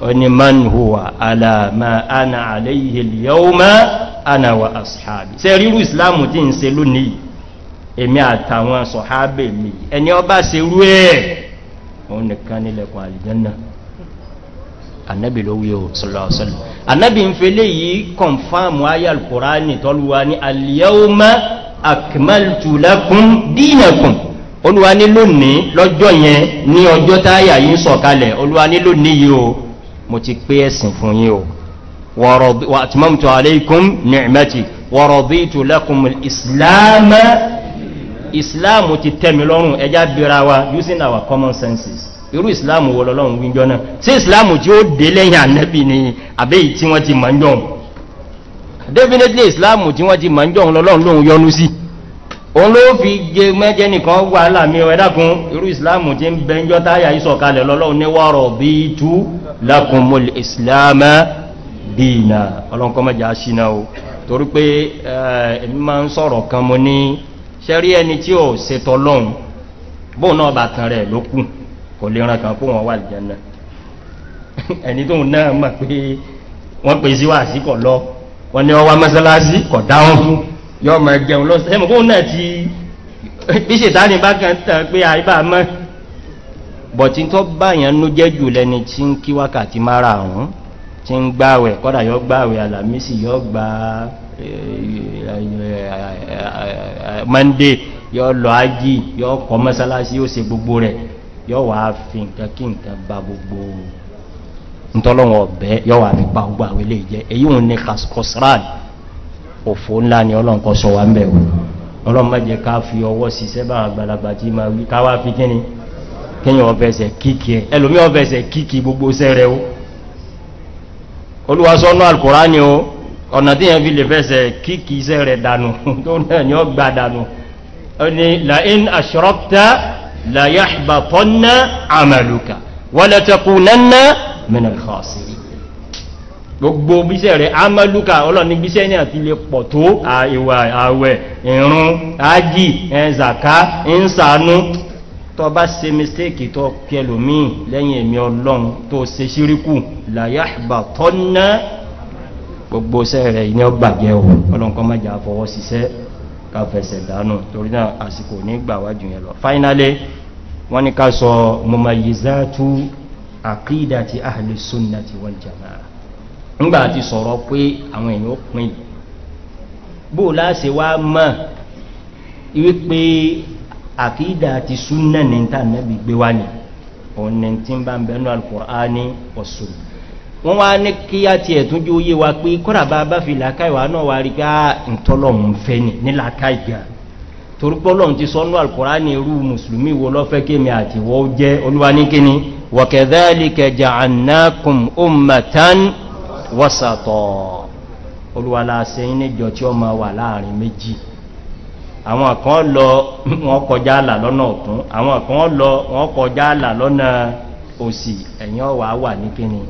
oni man huwa ala ma ana alayhi al-yawma ana wa ashabi se riru islam tin se loni èmi àtàwọn sahabe mi ẹni ó bá se ru e on nìkan ni le kwa aljanna annabi ló wí o sallallahu alaihi wasallam annabi ń fele yìí confirm aya al-qur'ani tolwa ni al-yawma akmaltu lakum dinakum olúwa ní lónìí lọ́jọ́ yẹn ní ọjọ́ táyà yìí sọ̀kalẹ̀ olúwa ní lónìí yìí o mo ti pé ẹ̀sìn fún yí o wà tí mọ́mtò aléìkún ní ìmẹ́tì wọ̀rọ̀bí tó lẹ́kùn ìsìláàmù ìsìláàmù ti tẹ́mi lọ́rùn ẹjá bíra wa using our common senses irú ìsìláàmù wọ lọ́lọ́run wíjọ́ náà sí ìsìláàmù tí ó dé lẹ́yìn ànẹ́bì ni àbẹ́ yìí tí wọ́n ti mọ̀ ń jọun definitely ìsìláàmù tí wọ́n ti mọ̀ ń jọun lọ́lọ́run lóhun yọnu sí òun ló fi jẹ mẹ́jẹ nìkan wà láàmì ẹ̀dàkùn irú ìsìláàmù tí ń bẹjọ́ táyà ìsọ̀kalẹ̀ lọ́lọ́run ní wọ́rọ̀ bí tú lákùnmùl ìsìláàmù dìínà ọlọ́nkọ́mẹ́jà ṣíná o torí pé ẹ̀mí máa ń sọ̀rọ̀ kan mo ní ṣẹ́rí ẹni tí ò ṣètọ́ lọ́hun bóun náà bá tan rẹ̀ ló kù kò lè ran kan kó wọn wà lìjẹ́ náà ẹni tóun náà mọ̀ pé wọ́n pè sí kọ̀ lọ wọ́n ní ọwá mọ́sálásí yọ ọmọ jẹun lọ́sẹ̀ ẹmọ kóun náà ti bí ṣètàní bá kàn tàn pé àìbá mọ́ bọ̀tí tó báyàn ló jẹ́ jù lẹni tí ń kí wákàtí mara ọ̀hún tí ń gbáwẹ̀ kọ́dà yọ gbáwẹ̀ alamisi yọ gba eh, eh, monday yọ lọ ájì yọ kọ mọ́sálásí ó se gbogbo rẹ̀ yọ wà fi nǹkan kí nǹkan ba gbogbo ntọ́lọ́wọ̀n ọ̀bẹ yọ wà fi pa gbogbo àwẹ̀lẹ̀ jẹ́ èyí òun ni kọsran òfò ńlá ni ọlọ́nkọ́ sọ wà ń bẹ̀rù ọlọ́mọ́jẹ ká fi ọwọ́ síṣẹ́ bá àgbàlagbà tí ma wí káwà fi kíni kíyàn ọ̀fẹ́sẹ̀ kíkì ẹ ẹlòmí ọ̀fẹ́sẹ̀ kíkì gbogbo sẹ́rẹ̀ o olúwasọ́nà alkùránì o ọ̀nà tí yẹn fi lè fẹ́sẹ̀ kíkì sẹ́rẹ̀ dànù tó náà ni ó gbà dànù ni la'in ashrafta la yahbatanna amaluka wala takunanna gbogbo bíṣẹ́ rẹ̀ amálùkà ọlọ́ni bíṣẹ́ ní àti lè pọ̀ tó ìwà àwẹ̀ ìrún ájì ẹ̀zàká ìsànú tó bá se mistake tó kẹlòmí lẹ́yìn èmì ọlọ́run tó se síríkù láyàbà tọ́nà gbogbo sẹ́ rẹ̀ ní ọgbàjẹ́ o ọlọ́nkọ́ má fọwọ́ síṣẹ́ káfẹsẹ̀ dánú torí náà àsìkò ní gbàwájú yẹn lọ finally wọ́n ni ká sọ mọ̀mọ̀ yìí zátú àkídà ti ahàlùsùn ti wọ́n jama'a ńgbà ti sọ̀rọ̀ pé àwọn èèyàn pin bó láṣẹ wá mọ̀ wípé àkídà ti súnà ní ta nẹ́bí gbé wá ní ọ̀nà tí ń bá ń bẹnu alkùnrání ọ̀sùn wọ́n wá ní kí á ti ẹ̀túnjú yé wa pé kọ́dà bá bá fi làákàìwá náà wá rí pé á ah, ntọ́lọ́hún fẹ́ ni ní làákàìgà torí pọ́lọ́hún ti sọ́nú alkùnrání irú mùsùlùmí wo lọ́fẹ́ kémi àti wọ́n jẹ́ olúwa ní kíni wọ̀kẹ̀dẹ́lì kẹjà ànákùn ó mẹ́tán wọ́sàtọ̀ olúwaláṣẹ́ inéjọ tí ó ma wà láàrin méjì àwọn kan lọ wọ́n kọjá àlà lọ́nà ọ̀tún àwọn kan lọ wọ́n kọjá àlà lọ́nà òsì ẹ̀yìn ọwà wà ní kíni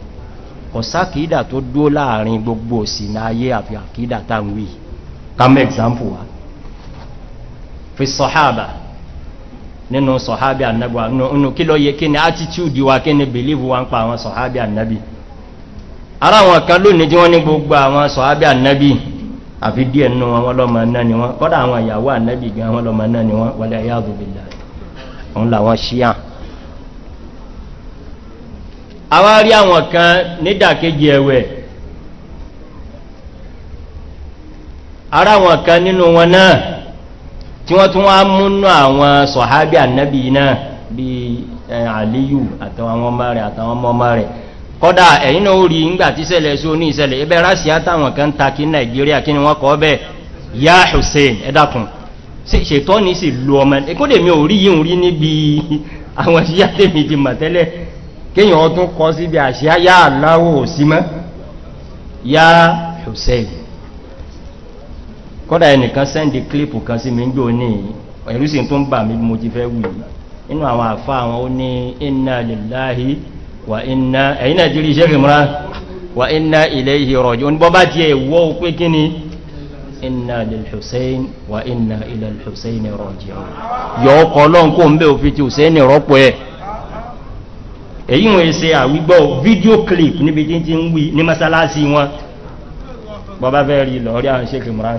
kọ̀sákìídà tó dúó láàrin gbogbo òsì ní ayé àfi àkìídà táwí kàmẹ́ example wa fi sọ̀hábà nínú sọ̀hábà annabi nínú kí lọ yẹ kí attitude wa kí ni believe wa ń pa àwọn sọ̀hábà annabi ara àwọn kan lónìí tí wọ́n ní gbogbo àwọn sọ̀hábí ànábì àfi díẹ̀ nínú wọn lọ́mọ náà ni wọ́n kọ́dá àwọn ìyàwó ànábì gan wọn lọ́mọ náà ni wọ́n wọlé ayáàzò òun làwọn ṣíà àwọn rí àwọn kan nídàkejì ẹ̀wẹ̀ ara àwọn kan nínú wọn náà tí wọ́n tún wá múnú àwọn sọ̀hábí ànábì náà bíi àlíyù eh, àtàwọn ọmọ rẹ̀ àtàwọn ọmọ rẹ̀ kọ́dá ẹ̀yìn náà rí ń gbà tí sẹ́lẹ̀ sí oní ìsẹ̀lẹ̀ ibẹ̀ ráṣíá táwọn kan ta kí nàìjíríà kí ni wọ́n kọ́ bẹ́ yá hussein ẹ̀dàkùn ṣètọ́ ní sí lu ọmọ ẹkọ́dẹ̀ mi ò rí yíò rí níbi àwọn ṣíyá tèmi ti kan mo ẹ̀yìn nàìjírí ṣe rìmúra wà iná ilẹ̀ ìrọ̀jú ní bọ́bá ti ẹ̀wọ́ pé kí ni iná lèlhùsẹ́yìn wà iná ilẹ̀ lèlhùsẹ́yìn rọ̀jú yọ ọkọ̀ ọlọ́nkó ń bẹ́ òfin ti hùsẹ́yìn rọ́pọ̀ ẹ̀ èyí wọ́n ṣe àwígbọ́ fídíò clip níbi tí ti ń wí ní masalasi wọn bọ́bá fẹ́ rí lọ àwọn ṣe rìmúra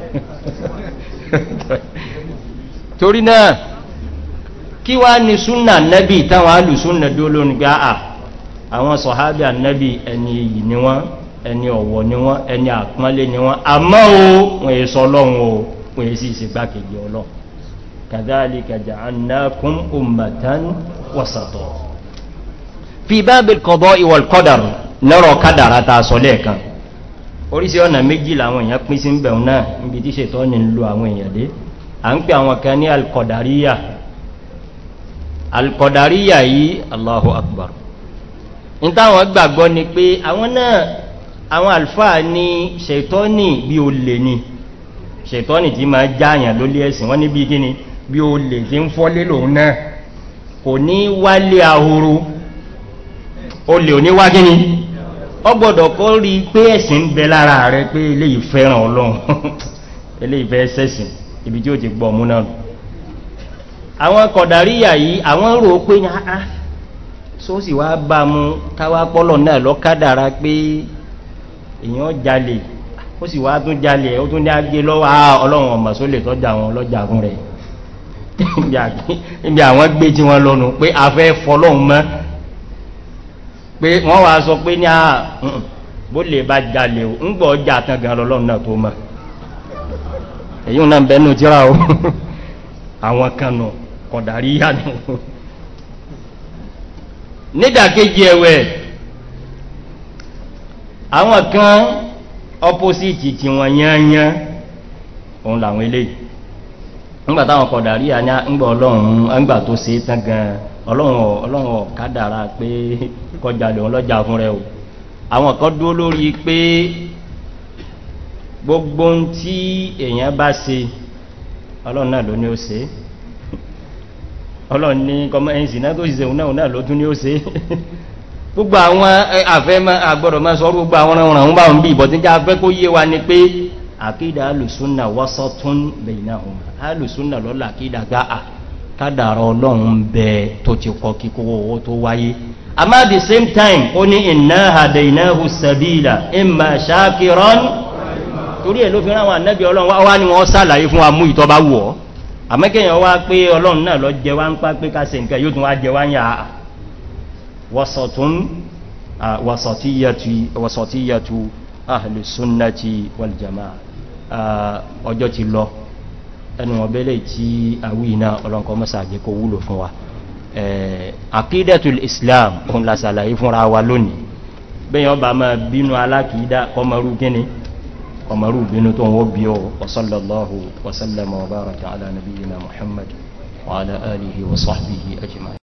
torí náà kí wá ní súnà nẹ́bì táwọn alùsúnà dó lónìí gbá à àwọn sọ̀hábí ànẹ́bí ẹni èyí ni wọ́n ẹni ọ̀wọ̀ ni wọ́n ẹni àpọ́nlé ni wọ́n àmọ́ o wọ́n èso ọlọ́run o wọ́n èsì ìsìgbákejì ọlọ́run kàdáàlì kàjà ànákún òmàtán wọ̀sàtọ̀ fi bábí ọ̀nà méjì làwọn èèyàn pín sí ń bẹ̀rún náà níbi tí ṣètọ́ ni ń àwọn èèyàn dé à ń pè àwọn kan ní alkọ̀dàríyà alkọ̀dàríyà yìí allahu akbar ń gbàgbọ́ ni pé àwọn náà àwọn àlùfáà ní ṣètọ́nì bí o lè ní ṣètọ́nì tí máa jáàyàn lólé ẹ̀sìn wọ́n ní bí kíni bí o lè tí ń fọ́lé lòun náà kò ní wálé ahoro o lè ò ní wá kíni ọ gbọ́dọ̀ kọ́ rí pé ẹ̀sìn ń bẹ lára rẹ pé eléyìí fẹ́ràn ọlọ́run eléyìí fẹ́ sẹ́sìn ibi tí ó ti gbọ́ ọmú náà àwọn kọ̀dàríyà yìí àwọn rò ó pé ní ah, ah, so sì wá bá mú táwá pọ́lọ̀ náà lọ́kádàra pé èèyàn jalè ó sì wá tún jalè ó tún ní agé lọ́wọ́ ọlọ́run ọmọ sólè tọ́jà àwọn ọlọ́jà fún rẹ̀ níbi àwọn gbé tí wọ́n lọ́nu pé a fẹ́ fọlọ́hun mọ́ pé wọ́n wá sọ pé ní àà bó lè bá jalè ń gbọ́ ọjà tán gan lọ́lọ́run náà tó mọ̀ èyí náà bẹ́nu tíra o àwọn kan nù kọ̀dàríyà nù nídàkejì ẹ̀wẹ̀ àwọn kan opposite tí wọ́n yányán òun làwọn eléyìí ńgbà táwọn kọ̀dà rí àní ńgbà ọlọ́run ńgbà tó ṣe tán gan ọlọ́run ọ̀kádàrá pé kọjá wọn lọ́jà fún rẹ o àwọn kan dúró lórí pé gbogbo ohun tí èèyàn bá ṣe ọlọ́run náà ló ní ó ṣe é ọlọ́run ní kọmọ ẹ̀yìn sínà tó ṣiṣẹ́ òun náà náà ló tún ní ó ṣe gbogbo àwọn àfẹ́ àgbọ̀dọ̀ máa sọ gbogbo àwọn ọ̀ràn òun bá ń bí ìbọ̀ tí já fẹ́ kó yé wa ni pé àkídà alùsùnà wọ́sọ́ tún bẹ̀yìnà òun alùsùnà lọ́la àkídà gbá à kádàrọ̀ ọlọ́run bẹ tó ti kọ kíkó owó tó wáyé àmá the same time ó ní iná àdẹ̀yìnà hùsàbílà ìmà ṣáàkìrán torí ẹ̀ ló fi rán àwọn ànẹ́bí ọlọ́run wá ní wọ́n sàlàyé fún wa mú ìtọ́ba wù ọ́ àmẹ́kẹ̀yàn wá pé ọlọ́run náà lọ jẹ wá ń pá pé ká se nǹkan yóò tún wá jẹ wá ń yà á wọ̀sọ̀tíyàtú ahìlùsúnnàtí wàlìjàmá ọjọ́ ti lọ ẹnu ọbẹ̀lẹ̀ tí àwí iná ọlọ́nkọ mọ́sà jẹ́ kó wúlò fún wa àkídẹ̀tul islam òun lásàlàyé fúnra wa lónìí bẹ́yàn ọba máa bínú alákìídá kọmọrú gíní ومروا بن وبيو وصلى الله وسلم وبارك على نبينا محمد وعلى آله وصحبه أجمعين